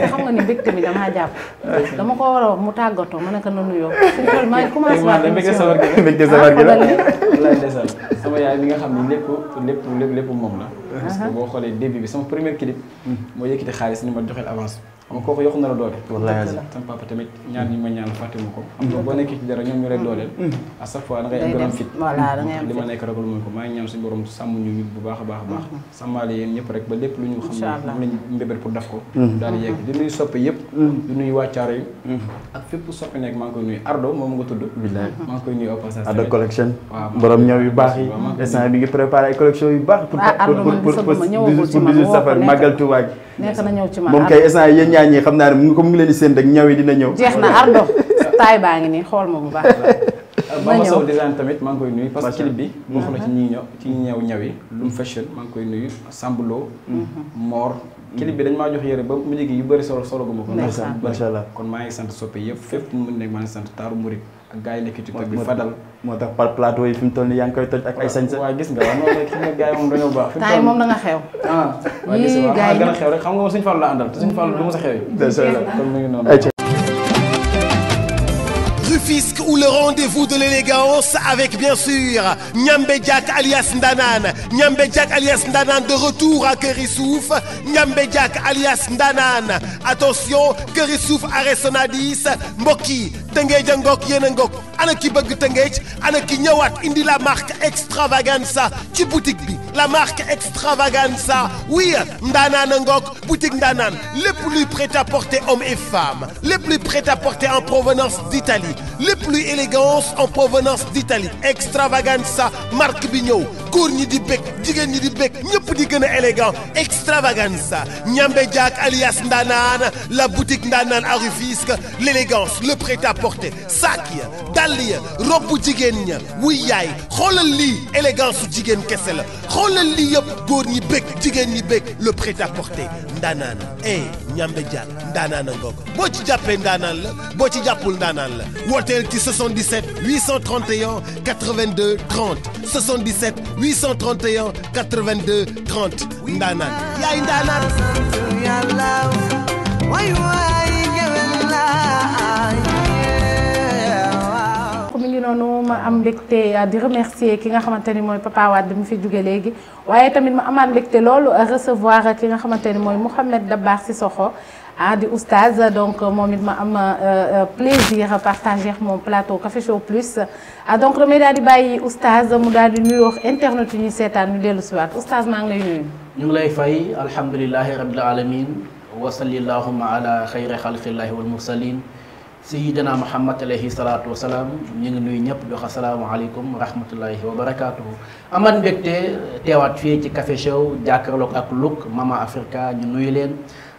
suñu nga ni mbégte bi damaa jàpp. dama ko war a wax mu tàggatoo ma ne ko noonu yow. maa ngi commencé waat émission bi mbégte sawar gi la sama yaay bi nga xam ni lépp lépp lépp lépp moom la parce que boo xoolee début bi sama premier clip. Mm. moo yëkkati xaalis ni ma joxeel avance. xam nga kooku yokk na la doole. wallaahi sama papa tamit ñaan ñi ma ñaan fàtte ma ko. am na boo nekkee ci dara ñoom ñu lay dooleel. Mm. à chaque fois da ngay am grand fit. voilà da ngay am fit li ma nekk ragal mooy ko maa ngi ñaan suñu borom sàmm ñu nit bu baax a baax a baax. Mm-hmm. sàmmaale yéen ñëpp rek ba lépp lu ñu xam ne moom lañ mbébét pour def ko. Mm-hmm. daal di yegg di nuyu soppe yëpp. Mm-hmm. di nuyu wàccaaro yi. ak fépp soppe nekk maa ngi koy nuyu Ardo moom nga tudd. bilaay maa ngi koy nuyu au passage. Ardo collection borom ñëw yu baax yi. instant bi ngi préparé ay collection yu baax. pour pour pour pour 18 safar màggal Tuubaa gi. nekk na ñëw ci ma moom kay instant yéen ñaañee xam naa ne mu ngi ko mu ngi leen di séen rek ñaw yi dina ñëw. jeex na ardo taay baa ngi nii xool ma bu baax. ma ñëw design tamit maa ngi koy nuyu. parce que bi bokk na ci ñi mhm. ñëw ci ñi ñëw ñaw yi. fashion maa ngi koy nuyu Samblo. Mhm. Mor. clip bi dañ maa jox yére ba mu njëkk yu bëri solo solo gu ma ko. kon maa ngi sant soppe yëpp fépp mu nekk maa ngi sant taaru murit ak gars yi nekk ci TikTok bi Fadal moo tax par plateau yi fi mu toll nii yaa ngi koy toj ak ay sañ-sañ. gis nga waaw noonu rek fi mu ne moom dañoo baax. temps yi moom nga xew. ah waa gis nga ah, a xew rek xam nga moom suñu Fallu la àndal te suñu Fallu du ma sa xew yi. dëgg la comme ni nga noonu. Rufisque ou le rendez-vous de l'élégance avec bien sûr Ndiambé Diack alias Ndanane Ndiambé Diack alias Ndanane de retour à Keur Issouf Ndiambé Diack alias Ndanane attention Keur Issouf Arsenal 10 mbokk yi Tëngéej a ngoog yéen a ngoog ki bëgg Tëngéej ana ki ñëwaat indi la marque Extravaganza ci boutique bi la marque Extravaganza oui Ndanane a ngoog boutique Ndanane lépp luy prêt-à-porter hommes et femmes lépp luy prêt-à-porter en provenance d'Italie lépp luy élégance en provenance d'Italie extravaganza marque bi ñëw góor ñi di bëgg jigéen ñi di bëgg ñëpp di gën a élégant extravaganza ñambe jaak alias ndaanaana la boutique ndaanaan à Rufisque l'élégance le prêt-à-porter sac ya dàll ya robb jigéen ña wuy yaay xoolal li élégance su jigéen kese la xoolal li yëpp góor ñi bëgg jigéen ñi bëgg le prêt-à-porter ndaanaana e ñambe boo ci jàppee ndaanaan la boo ci jàppul ndaanaan la wooteel ci 77 831 82 30 77 831 82 30 ndaanaan yaay ndaanaan noonu ma am mbégte euh, di remercier ki nga xamante ni mooy Papa Wade mu fi jóge léegi waaye tamit ma amaat mbégte loolu recevoir ki nga xamante ni mooy baax Dabakh Sissoko ah di oustaz donc euh, moom it ma am euh, euh, plaisir partager mon plateau Café Show Plus ah donc damay daal di bàyyi oustaz mu daal di nuyoo internet yu ñuy seetaan ñu dellu si waat oustaz maa ngi lay nuyu. ñu ngi lay fay alhamdulilahi rabil alamin wa salli allahumma ala xayri xalqillahi wal mursalin sayidina muhammad alayhi salaatu wasalaam ñu ngi nuyu ñëpp di wax salaam wa rahmatullahi wa barakaatuhu aman mbégte teewaat fii ci Café Show jàkkaarloog ak Look Mama Africa ñu nuyu leen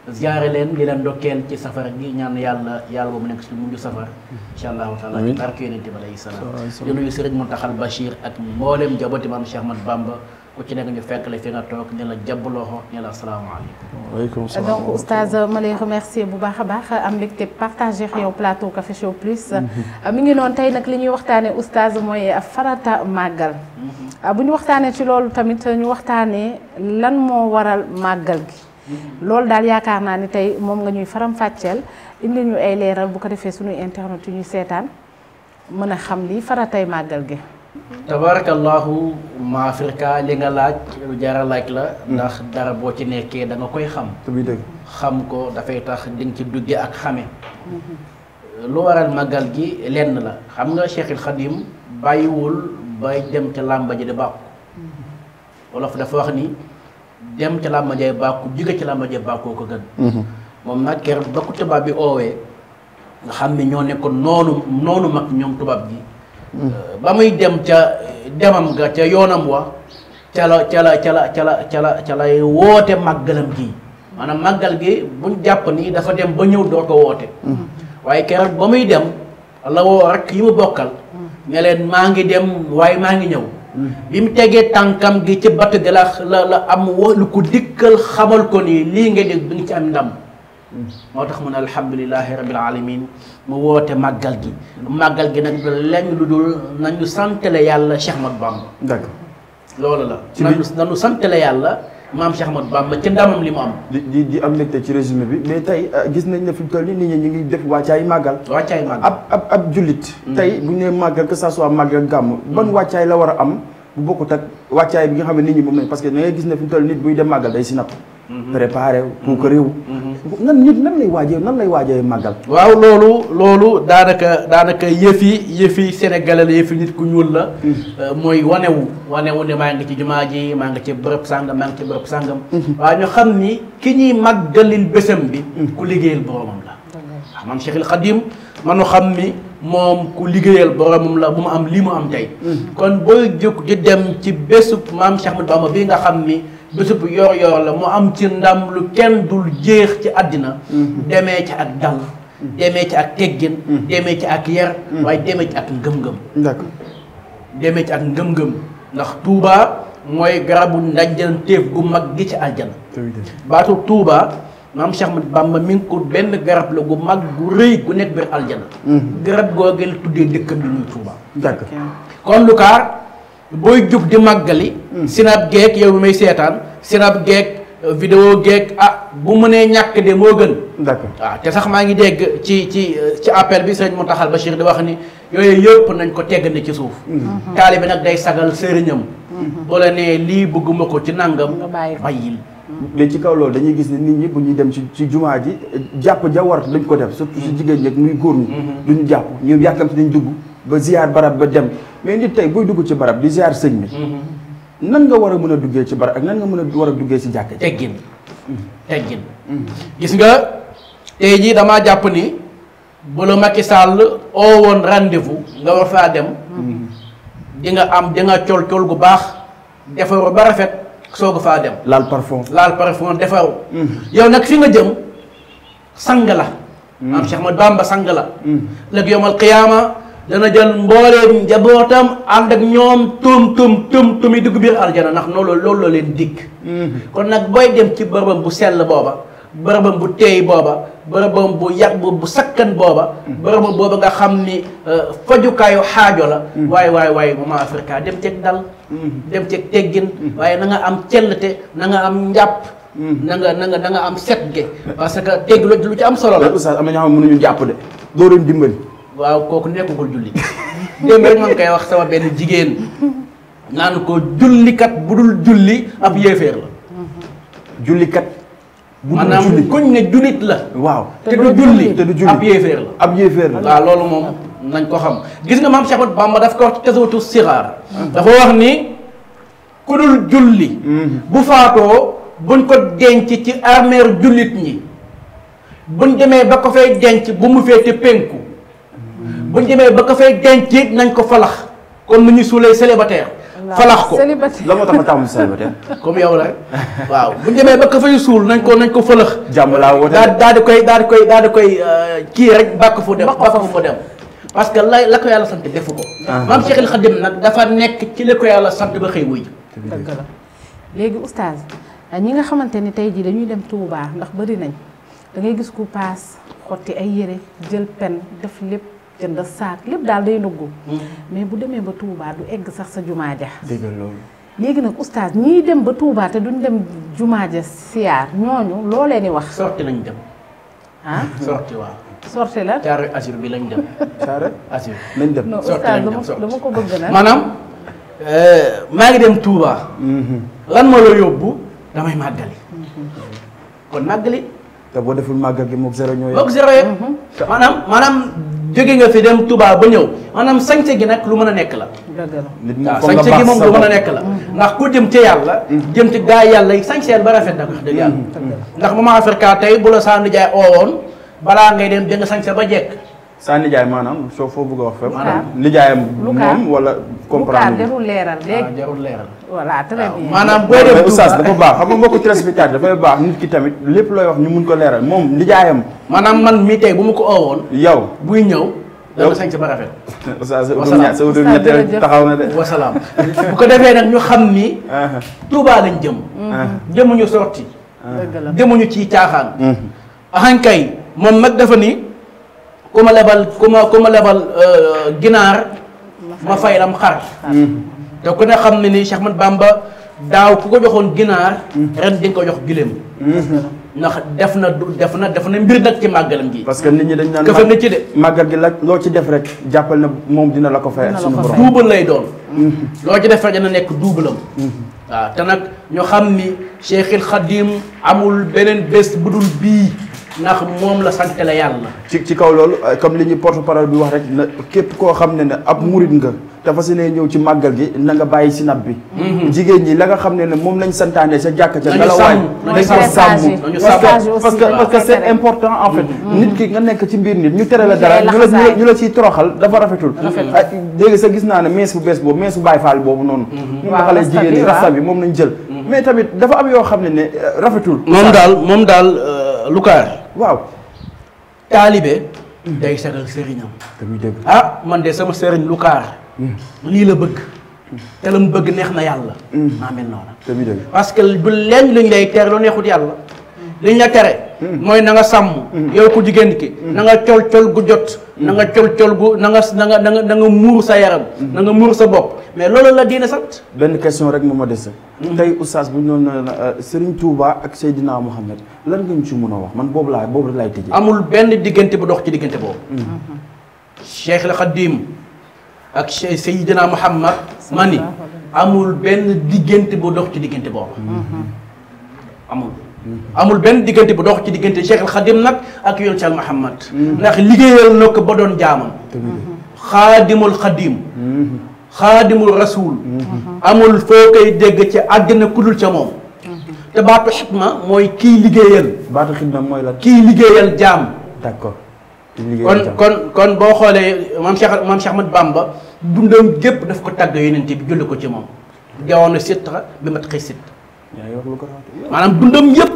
ziare leen di leen dokkeel ci safar gi ñaan yàlla yàlla ba mu nekk ci mujj safar insha allahu taala ci barke yonent bi alayhi salaam di nuyu sëriñ Muntaxa Bachir ak mbooleem jabati maam Cheikh Ahmad Bamba ku ci nekk ñu fekk la fi nga toog ne la jàpp loxo ne la asalaamaaleykum waaleykum donc oustaz ma lay remercier bu a baax am mbégte partagé yow plateau Café Show Plus mhm. euh, mi ngi noonu tey nag li ñuy waxtaane oustaz mooy farata màggal mhm. euh, bu ñu waxtaanee ci loolu tamit ñu waxtaanee lan moo waral màggal gi loolu daal yaakaar naa ni tey moom nga ñuy faram-fàcceel indi ñu ay leeral bu ko defee suñuy internet yu ñuy seetaan mën a xam li faratay màggal gi. tabaarakallaahu ma Afrika li nga laaj lu jaara laaj la. Mm. ndax dara boo ci nekkee da koy xam. xam ko dafay tax di ci duggee ak xame. lu waral màggal gi lenn la xam nga Cheikhul Khadim bàyyiwul bay dem ca làmba ji di bàkku mm-hmm. wolof dafa wax ni. dem ca làmba jay bàkku jóge ci làmba jay ko gën mhm. moom nag keroog ba ko tubaab bi oowee nga xam ne ñoo nekkoon noonu noonu mag ñoom tubaab bi mhm. euh, ba muy dem ca demam ga ca yoonam wa ca la ca la ca la ca la ca la ca lay woote màggalam gi maanaam màggal gi buñ jàpp nii dafa dem ba ñëw door ko woote mhm. waaye keroog ba muy dem la woo rek yi mu bokkal ne maa ngi dem waaye maa ngi ñëw bi mu tegee tànkam gi ci batt gi la la am lu ko dikkal xamal ko ni lii nga dégg bi nga ci am ndam moo tax mu ne alhamdulilahi rabil alamin mu woote màggal gi màggal gi nag lenn lu dul nañu santale yàlla Cheikh Ahmadou Bamba d'accord loolu la nañu santale yàlla maam Cheikh Ahmadou Bamba ca ndamam li mu am. di di am mbégte ci résumé bi mais tey euh, gis nañ ne fi mu toll nii nit ñi ñu ngi def wàccaay màggal. wàccaay màggal ab ab ab jullit. Mm. tey bu ñu nee màggal que ça mag màggal gàmm. ban mm. wàccaay la war a am bu bokkut ak wàccaay bi nga xam ne nit ñi moom lañ parce que da ngay gis ne fi nit buy dem màggal day si napp. Mm-hmm. préparé wu. Mm-hmm. ko réew. Mm-hmm. nan nit nan lay waajee nan lay waajee màggal. waaw loolu loolu daanaka daanaka yëf yi yëf yi Sénégal la yëf nit ku ñuul la. Euh, mooy wanewu wanewu ne maa ngi ci jumaa ji maa ngi ci bërëb sàngam maa ngi ci bërëb sàngam. waaw ñu xam ni ki ñuy màggalil bésam bi. ku liggéeyal boromam la. waaw man Cheikhul Khadim manu xam ni. moom ku liggéeyal boromam la bu mu am lii mu am tey. kon booy jóg di dem ci bésu maam Cheikh Ahmadou Bamba bi nga xam ni. bésub yor-yor la mu am ci ndam lu kenn dul jeex ci àddina. Mhm. demee ci ak dal. Mhm. demee ci ak teggin. Mhm. demee ci ak yar. waaye demee ci ak ngëm-ngëm. ci ak ngëm ndax Touba mooy garabu ndajjan téef gu mag gi ci àjjana. baatu Touba maam Cheikh Ahmad Bamba mi ngi ko benn garab la gu mag gu rëy gu nekk biir aljana. garab googee la tuddee dëkkam bi muy Touba. kon lu kaar booy jub di màggali. Hmm. sinab geek yow mi may seetaan sinab geek euh, vidéo geek ah bu mënee ñàkk de moo gën. d'accord ah, te sax maa ngi dégg ci ci euh, ci appel bi sëriñ ba Bachir di wax ni yooyu yëpp nañ ko tegg na ci suuf. Hmm. taalibe nag day sagal sëriñam. wala hmm. ne lii bëgguma ko ci nangam. bàyyil léegi ci kaw loolu dañuy gis ne nit ñi bu ñuy dem ci ci jumaa ji jàpp ja war dañ ko def surtout si jigéen ñi muy góor lu ñu jàpp ñu yàkkamti dañ dugg. ba ziar barab ba dem mais nit tey booy dugg ci barab di ziar sëñ bi. Mm-hmm. nan nga war a mën a duggee ci barab ak nan nga mën a war a duggee si jàkka. teggin mm-hmm. teggin. Mm-hmm. gis nga tey jii damaa jàpp ni bu la Macky Sall woon rendez-vous nga war faa dem. di nga am di nga cool col gu baax defaru ba rafet soog faa dem. laal parfum laal parfum defaru. yow nag fi nga jëm sang la. am Cheikh Ahmadou Bamba sang la. léegi yomal qiyaama. dana jël mbooleem njabootam ànd ak ñoom tum tum tum tumi dugg biir aljana ndax noonu loolu la leen dikk mm-hmm. kon nag booy dem ci bërëbam bu sell booba bërëbam bu teey booba bërëbam bu yàq bu bu sakkan booba mm-hmm. bërëbam booba nga xam ni euh, fajukaayu xaajo la waaye mm-hmm. waaye waaye mama africa dem ceeg dal dem ceeg teggin waaye na nga am cellte na nga am njàpp na nga na nga na nga am set ge parce que tegg lu ci am solo la oustaz am na ñoo xam ne mënuñu jàpp de doo leen dimbali waaw kooku nekkagul julli démb rek man koy wax sama benn jigéen naan ko jullikat bu dul julli ab yéeféer la jullikat koñ ne jullit la waaw te du julli ab yéeféer la ab yéeféer la waaw loolu moom nañ ko xam gis nga maam Cheikh Ahmadou Bamba daf ko wax ci tasawatu sixaar dafa wax ni ku dul julli mm-hmm. bu faatoo buñ ko denc ci armeer jullit ñi buñ demee ba ko fay denc bu mu féete penku bu ñu demee ba ko fay dencit nañ ko falax comme ni ñu suulee célibataire falax ko la moo tax ma taamu célibataire comme yow la waaw bu ñu demee ba ko fay suul nañ ko nañ ko falax jàmm laa woote daa daa di koy daa di koy daa di koy euh, kii rek bàkk fu dem bàkk fu dem parce que la la ko yàlla sant defu ko ah. maam Cheikh Khadim nag dafa nekk ci li ko yàlla sant ba xëy wuy dëgg la léegi oustaz ñi nga xamante ni tey jii dañuy dem Touba ndax bari nañ da ngay gis ku paas xotti ay yére jël pen lépp jënd saak lépp daal day nugg. Mm. mais bu demee ba Touba du egg sax sa jumaa ja. dëgg léegi nag oustaz ñiy dem ba Touba te duñ dem jumaa ja siyaar ñooñu loo leen di wax. sorti lañ dem. ah sorti waaw. sorti la caaroy assur bi lañ dem. caaroy lañ dem. sorti lañ dem sorti dama ko bëgg nag. maanaam euh, maa ngi dem Touba. Mm-hmm. lan ma la yóbbu damay màggali. Mm-hmm. kon màggali. te boo deful màggal gi moog zéro ñooy. moog zéro yeeg. Mm-hmm. jóge nga fi dem tubaab ba ñëw maanaam sañse gi nag lu mën a nekk la waaw sañse gi moom lu mën a nekk la mm-hmm. ndax ku jëm ci yàlla mm-hmm. jëm ci daa yàlla yi sañseel ba rafet nag wax dëgg yàlla mm-hmm. ndax ma Africa tey bu la Sanu Jaay oowoon balaa ngay dem jënd sañse ba jekk sa nijaay maanaam soo foo bëgg a wax fépp. maanaam nijaayam moom wala. comprendre lu jarul leeral léegi ah, maanaam booy def oustaz dafa baax xam nga mbokku téléspectateur dafay baax nit ki tamit lépp looy wax ñu mun ko leeral moom nijaayam. maanaam man mii tey bu ma ko oowoon. yow buy ñëw. dama sañ sama rafet. oustaz sa utum ñetteel taxaw na de. wasalaam bu ko defee nag ñu xam ni. Uh-huh. Touba lañ jëm. Uh-huh. jëmuñu sorti. dëgg la jëmuñu ci caaxaan. Uh-huh. axankay moom nag dafa ni. ku ma lebal ku ma ku ma euh, ginaar ma fay lam xar mm-hmm. te ku ne xam ne ni Cheikh baam ba daaw ku ko joxoon ginaar mm-hmm. ren di ko jox giléem mm-hmm. ndax def na du def na def na mbir nag ci màggalam gi parce que nit ñi dañ naan këfal na ci de màggal gi la loo ci def rek jàppal na moom dina la ko fay suñu borom duubal lay doon loo ci def rek dina nekk duubalam waaw te nag ñu xam ni Cheikhil Khadim amul beneen bés bu dul bii ndax moom la sant la yàlla. ci ci kaw loolu euh, comme li ñu port parole bi wax rek na képp koo xam ne ne ab murit nga dafa fas ñëw ci màggal gi na nga bàyyi sinab bi. Mhm. jigéen ñi la nga xam ne ne moom lañ santaane sa jàkk ca. ngalawaay dañ ko sàmm que parce que important en mhm. nit ki nga nekk ci mbir nit ñu tere la dara. ñu la ñu la ciy toroxal dafa rafetul. Ah, léegi sa gis naa ne mees bu bees boobu mees bu bàyyi faal boobu noonu. Mhm. ñu nga xale ñi rasta bi moom lañ jël. mais tamit dafa am yoo xam ne ne euh, rafetul. moom daal moom daal euh, Lukaar waaw. taalibe. Mhm. day seetal sëriñam. ah man de sama sëriñ lu kaar mhm. lii la bëgg. Mhm. te la mu bëgg neex na yàlla. maa mel noonu. parce que bu leen lu lay teer loo neexut yàlla. li la tere mm. mooy na nga sàmm mm. yow ku jigéen ki mm. na nga col col gu jot na nga col col gu na nga na nga nga na nga muur sa yaram na nga muur sa bopp mais loolu la diine sant benn question rek moo ma des tey oustaz bu ñu noonu euh, Serigne Touba ak Seydina Mohamed lan nga ñu ci mën wax man boobu laay boobu laay tëjee amul benn diggante bu dox ci diggante boobu mm-hmm. Cheikh al Khadim ak Seydina Mohamed ma ni amul benn diggante bu dox ci diggante boobu mm-hmm. amul benn diggante bu dox ci diggante Cheikh Al Khadim nag ak yoon Cheikh Muhammad mm-hmm. ndax liggéeyal na ko ba doon jaamam mm-hmm. xaadimul xadim mm-hmm. xaadimul rasul amul foo koy dégg ci àddina ku dul ca moom te baatu xitma mooy kii liggéeyal baatu xitma mooy la kii liggéeyal jaam d'accord kon kon kon boo xoolee maam Cheikh maam Cheikh Ahmad Bamba dundam gépp daf ko tàgg yonent bi julli ko ci moom dewoon na sitra bi mat xëy sitt maanaam dundam yëpp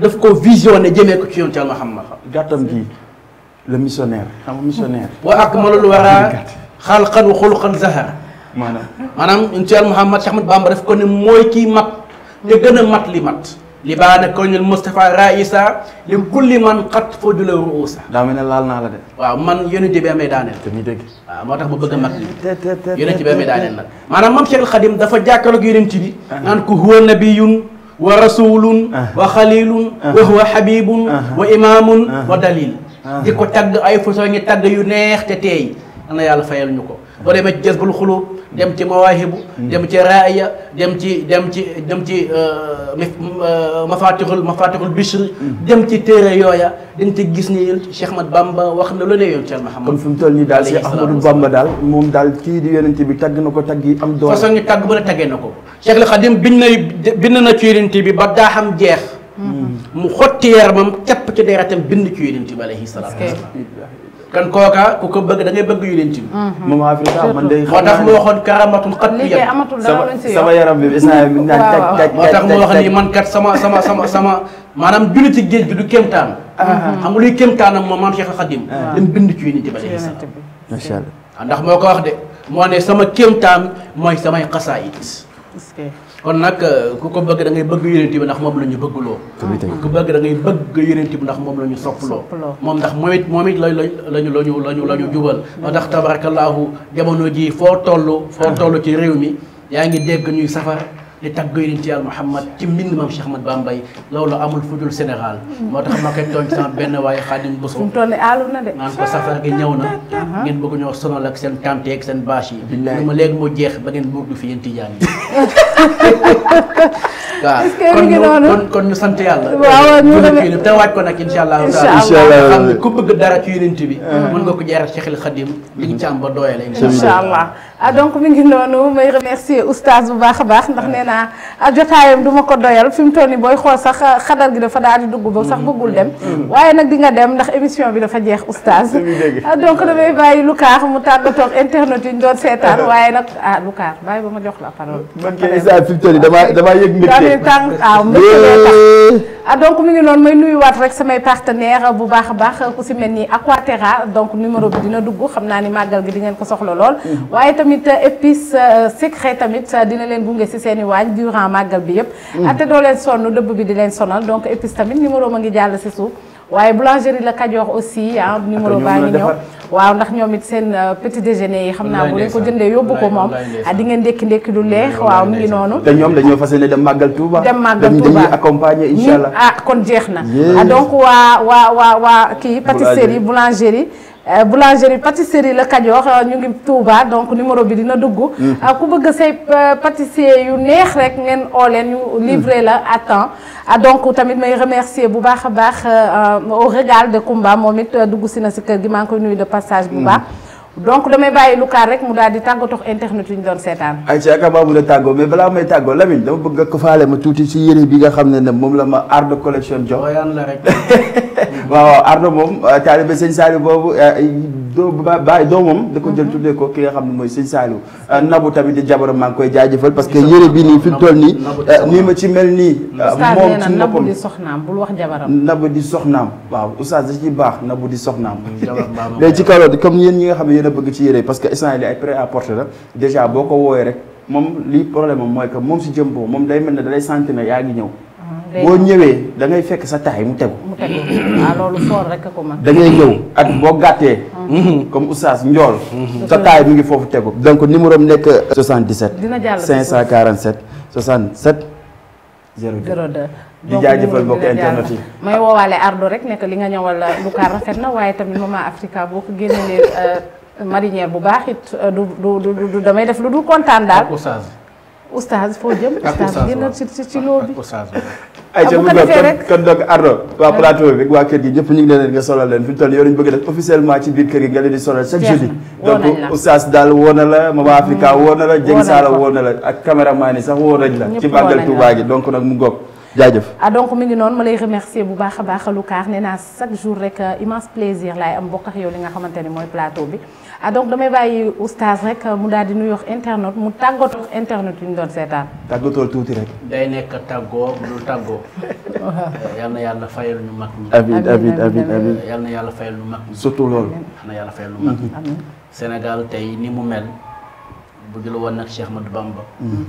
daf ko visionné jëmee ko ci yoon Thiel Mouhamad. gàttam gi le missionnaire xam nga missionnaire. wa akmalul wara xalqan wa xuluqan zahar. maanaam maanaam Thiel Mouhamad Cheikh Ahmad Bamba daf ko ne mooy kii mat te gën a mat li mat. libaana kawnil Moustapha Raïsa li ku man xat fojula ruusa. daa mel ne laal naa la de. waaw man yonent bi amee daaneel. te ñu dégg. waaw moo tax a mag lii. yonent bi amee daaneel nag. maanaam maam Cheikh Al Khadim dafa jàkkaarloog yonent bi. naan wa rasulun wa xalilun wa huwa habibun wa imaamun wa dalil. di ko tagg ay façon ñi tagg yu neex te teey. ana yàlla fayal ñu ko. boo demee ci jazbul xulub dem ci mawaahibu mm. dem ci raaya dem ci dem ci dem ci euh, euh, mafatixul mafatixul bishr mm. dem ci téere yooya dañ ci gis ni yéen Cheikh Ahmad Bamba wax na lu ne yéen Cheikh Mahamad kon fi mu toll nii daal Cheikh Ahmadou Bamba daal moom daal kii di yonent bi tagg na ko tagg yi am doole façon ñu tagg bu ne taggee na ko Cheikh al Xadim na bind na ci yonent bi ba daaxam jeex mm. mu xotti yaramam capp ci deretam bind ci yonent bi alayhi salaatu wasalaam kan kooka ku ko bëgg da ngay bëgg yonent bi maman man day moo tax mu waxoon karamatul xat bi yem sama yaram bi isna bi naan taj taj moo tax mu wax ni man kat sama sama sama sama maanaam julliti géej bi du kéemtaan xam nga luy kéemtaanam moom maam Cheikh Khadim lim bind ci yonent bi alayhi salaam macha allah ndax moo ko wax de moo ne sama kéemtaan mooy samay xasaayit kon nag euh, ku ko bëgg da ngay bëgg yonent bi ndax moom la ñu bëggloo ku bëgg da ngay bëgg yonent bi ndax moom lañu ñu soppaloo moom ndax moom it moom it la lañu lañu lañu la ñu jubal ndax tabarakallahu jamono ji foo toll foo toll ci réew mi yaa ngi dégg ñuy safar di tagg yonent yàlla Muhammad ci mbind maam Cheikh Ahmad Bambay loolu amul fudul Sénégal moo tax ma koy tooñ sama benn waaye Xaadim Bousso mu toll aalu na de naan ko gi ñëw na ah, ah. ngeen bëgg ñoo sonal ak seen tante ak seen bâche yi lu ma léegi moo jeex ba ngeen di fi yéen tijaan yi waaw kon kon ñu sant yàlla waaw te waaj ko nag insha allahu taala xam bëgg dara ci yonent bi ah. mën nga ko jaar Cheikh al Xaadim li nga ci am ba doyale insha allah ah donc mi ngi noonu may remercier oustaz bu baax a baax ndax nee naa ah, jotaayam du ma ko doyal fi mu toll nii booy xool sax ah, xadar gi dafa daal di dugg ba sax bëggul dem waaye nag di nga dem ndax émission bi dafa jeex oustaz ah, donc damay bàyyi Lukaar mu tàggatoog internet yi doon seetaan waaye nag ah Lukaar bàyyi ba ma jox la parole man kay isa fi mu toll nii damaa damaa yëg mbégte tàng donc mi ngi noonu may nuyuwaat rek samay partenaire bu baax a baax ku si mel ak Aquaterra donc numéro bi dina dugg xam naa ni màggal gi di ngeen ko soxla lool mm-hmm. waaye tamit tamit euh, épices euh, secret tamit euh, dina leen gunge si seen i waañ durant màggal bi yëpp. Mm-hmm. te doo leen sonn dëbb bi di leen sonal donc épices tamit numéro ma ngi jàll si suuf. waaye boulangerie la Kajoor aussi ah numéro baa ngi ñëw waaw ndax ñoom it seen petit déjeuner yi xam naa bu leen ko jëndee yóbbu ko moom ah, di ndékki ndékki lu leex waaw mu ngi noonu te ñoom dañoo fas yéene dem màggal Touba dem màggal Touba dañuy accompagner ah, kon jeex na ah, donc waa waa waa kii pâtisserie Euh, boulangerie pâtisserie la Kajoor euh, ñu ngi Touba donc numéro bi dina dugg. Mm. Euh, ku bëgg say pâtissier yu neex rek ngeen oo leen ñu livré la à temps donc tamit may remercier bu baax a baax au régal de Kumba moom it dugg si na si kër gi maa ngi koy nuyu de passage bu mm. baax. donc damay bàyyi lu Lucar rek mu daal di tàggatoo internet yu ñu doon seetaan. ayca ak maa mun a tàggoo mais balaa may tàggoo Lamine dama bëgg nga faale ma tuuti si yére bi nga xam ne ne moom la ma Ardo collection jox. waaw waaw Ardo moom taalibe sëñ Saliou boobu. Eh, doo bàyyi doomam da ko jël mhm. tuddee ko ki nga xam ne mooy sëñ Saliou euh, nabu tamit di jabaram maa ngi koy jaajëfal parce que yére bi nii fi mu toll nii euh, nii ma ci mel nii euh, moom ci nabu di soxnaam bul wax jabaram nabu di soxnaam waaw oustaz da ci baax nabu di soxnaam léegi mm, ci kaw comme yéen ñi nga xam ne yéen bëgg ci yére parce que instant yi ay prêt à porter la déjà boo ko woowee rek moom lii problème moom mooy que moom si jëm boobu moom day mel ne dalay sentir ne yaa ngi ñëw boo ñëwee da ngay fekk sa taay mu tegu. mu tegu ah loolu rek ko man. da ngay ñëw ak boo gàttee. Ah. Mhm. comme oustaz Ndiol. Mhm. sa taay mu ngi foofu tegu. donc numéro am nekk. 77. Euh, dina jàll 547 67 02. di jaajëfal mbokk internet yi may woowaale Ardo rek nekk li nga ñëwal euh, Lukaar rafet na waaye tamit Mama Africa boo ko génnee euh, marinière bu baax it du du du damay def lu dul kontaan daal. oustaz foo jëm. ak oustaz génn ci ci loo bi ay ah, bu ko defee ñu ngi leen nga solal leen fi mu toll biir kër gi nga leen di solal chaque jeudi donc daal woo na la Mama Africa mm. woo la Jeng Saala woo na la ak caméraman yi sax woo nañ la ci màggal Touba gi donc nag mu ngoog jaajëf ah donc mi ngi noonu ma lay remercier bu baax a baax Lucar nee naa chaque jour rek euh, immense plaisir laay am bokk ak yow li nga xamante ni mooy plateau bi ah damay bàyyi oustaz rek euh, mu daal di nuyoog internet mu tàggatoo internet yu ñu doon seetaan. tàggatoo tuuti rek. day nekk tàggoo lu tàggoo. yal na yàlla fayal ñu mag ñi. na yàlla fayal ñu mag surtout loolu. yal na yàlla fayal ñu mag ñi. Sénégal tey ni mu mel bu dul woon nag Cheikh Ahmadou Bamba. Mm-hmm.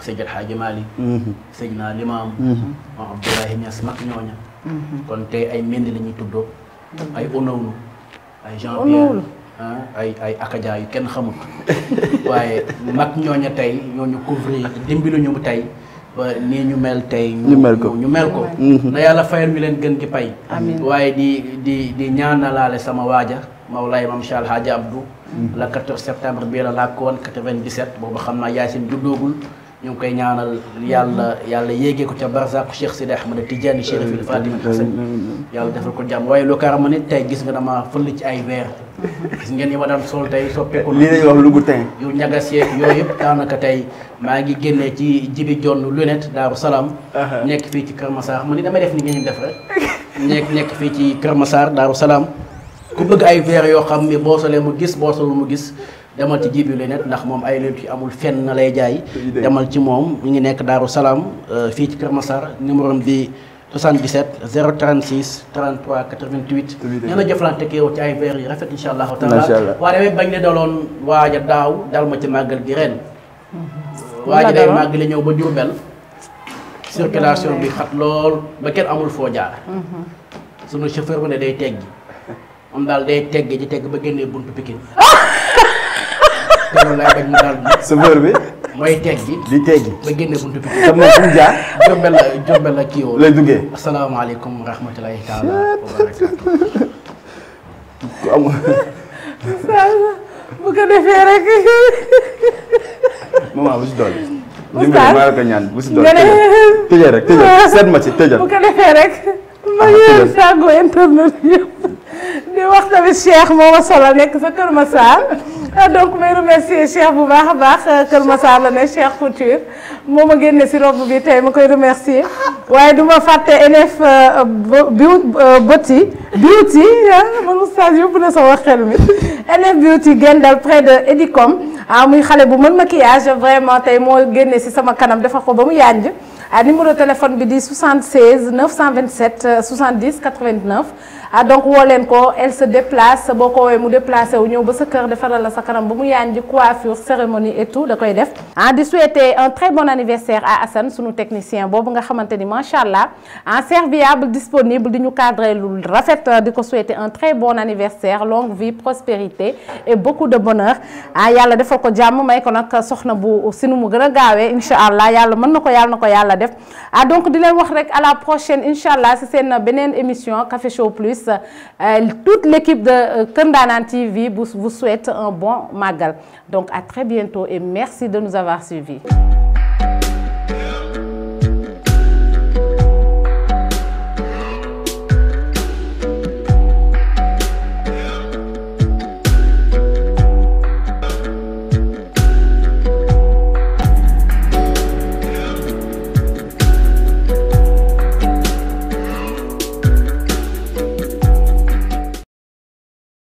Seydi El Hadji Malick mhm. Seydina Limaam maam mhm. Abdoulaye Niass mag ñooña mhm. kon tey ay Mendy la ñuy tuddoo ay Honorou ay Jean Pierre ah, ay ay akaja yu kenn xamul waaye mag ñooña tey ñooñu couvrir dimbilu ñu tey nii ñu mel tey ñu mel ko ñu mel ko na yàlla fayal ñu leen gën gi pay waaye di di di ñaanalaale sama waaja Mawlaay laay Cheikh Alhaaji Abdou la 14 septembre bii la làkkoon 97 boobu xam naa yaay seen juddoogul ñu ngi koy ñaanal yàlla yàlla yéegee ko ca barzaaku Cheikh Sidi Ahmad Tidiane Chérifil Fatima Hasan yàlla defal ko jàmm waaye Locar ma ne tey gis nga dama fël ci ay verre gis ngeen yi ma daan sol tey soppeeku lii lañuy wax lugu tey yu yëpp daanaka tey maa ngi génnee ci jibi jonn lunette Daaru Salaam nekk fii ci Kër Massar ma ni damay def ni ngeen def rek nekk nekk fii ci Kër Massar Daaru Salaam ku bëgg ay verre yoo xam ni boo solee mu gis boo solul mu gis demal ci jibi lunettes ndax moom ay lunettes yu amul fenn lay jaay demal ci moom mu ngi nekk Daaru Salaam euh, fii ci Kër Massar numéro bi 77 036 33 88. nee na jëflante ak yow ci ay verres yu rafet incha allahu taala. macha allah waaye damay bañ ne daloon waaja daaw dal ma ci màggal gi ren. Mm-hmm. waaja day màggali ñëw ba Diourbel. circulation bi xat lool ba kenn amul foo jaar. Mm-hmm. sunu chauffeur bu ne day teggi moom daal day teggi ci tegg ba génnee buntu Pikine. te loolu laay bi. chauffeur bi. mooy teggi. di teggi ba génne buntu bi. xam nga fu mu la jombel la kii woo. lay duggee asalaamaaleykum wa bu ko defee rek. maman bu si dolli. oustaz maa ko ñaan bu si bu ko defee rek. Ah, ma internet yëpp. di wax tamit Cheikh ma solal sa kër Massar. Euh, donc may remercier Cheikh bu baax a baax euh, Kër Massar la ne Cheikh Couture moo ma génne si robe bi tey ma koy remercier waaye du ma fàtte NF euh, Beauty Beauty man oustaz yóbbu na sama xel mi NF Beauty Gendal près de Edicom ah muy xale bu mën maquillage vraiment tey moo génne si sama kanam defar ko ba mu yànj ah, numéro téléphone bi di 76 927 70 89 ah donc woo leen ko elle se déplace boo ko woowee mu déplacé wu ñëw ba sa kër defaral la sa kanam ba mu yaan ji coiffure cérémonie et da koy def ah, di souhaiter un très bon anniversaire à Assane sunu technicien boobu nga xamante ni macha allah ah serviable disponible di ñu cadrer lu rafet di ko souhaiter un très bon anniversaire longue vie prospérité et beaucoup de bonheur ah yàlla defal ko jàmm may ko nag soxna bu nu mu gën a gaawee incha allah yàlla mën na ko yàlla na ko yàlla def ah donc di Ciss euh, toute l'équipe de Keur Ndanane TV vous vous souhaite un bon Magal donc à très bientôt et merci de nous avoir suivis.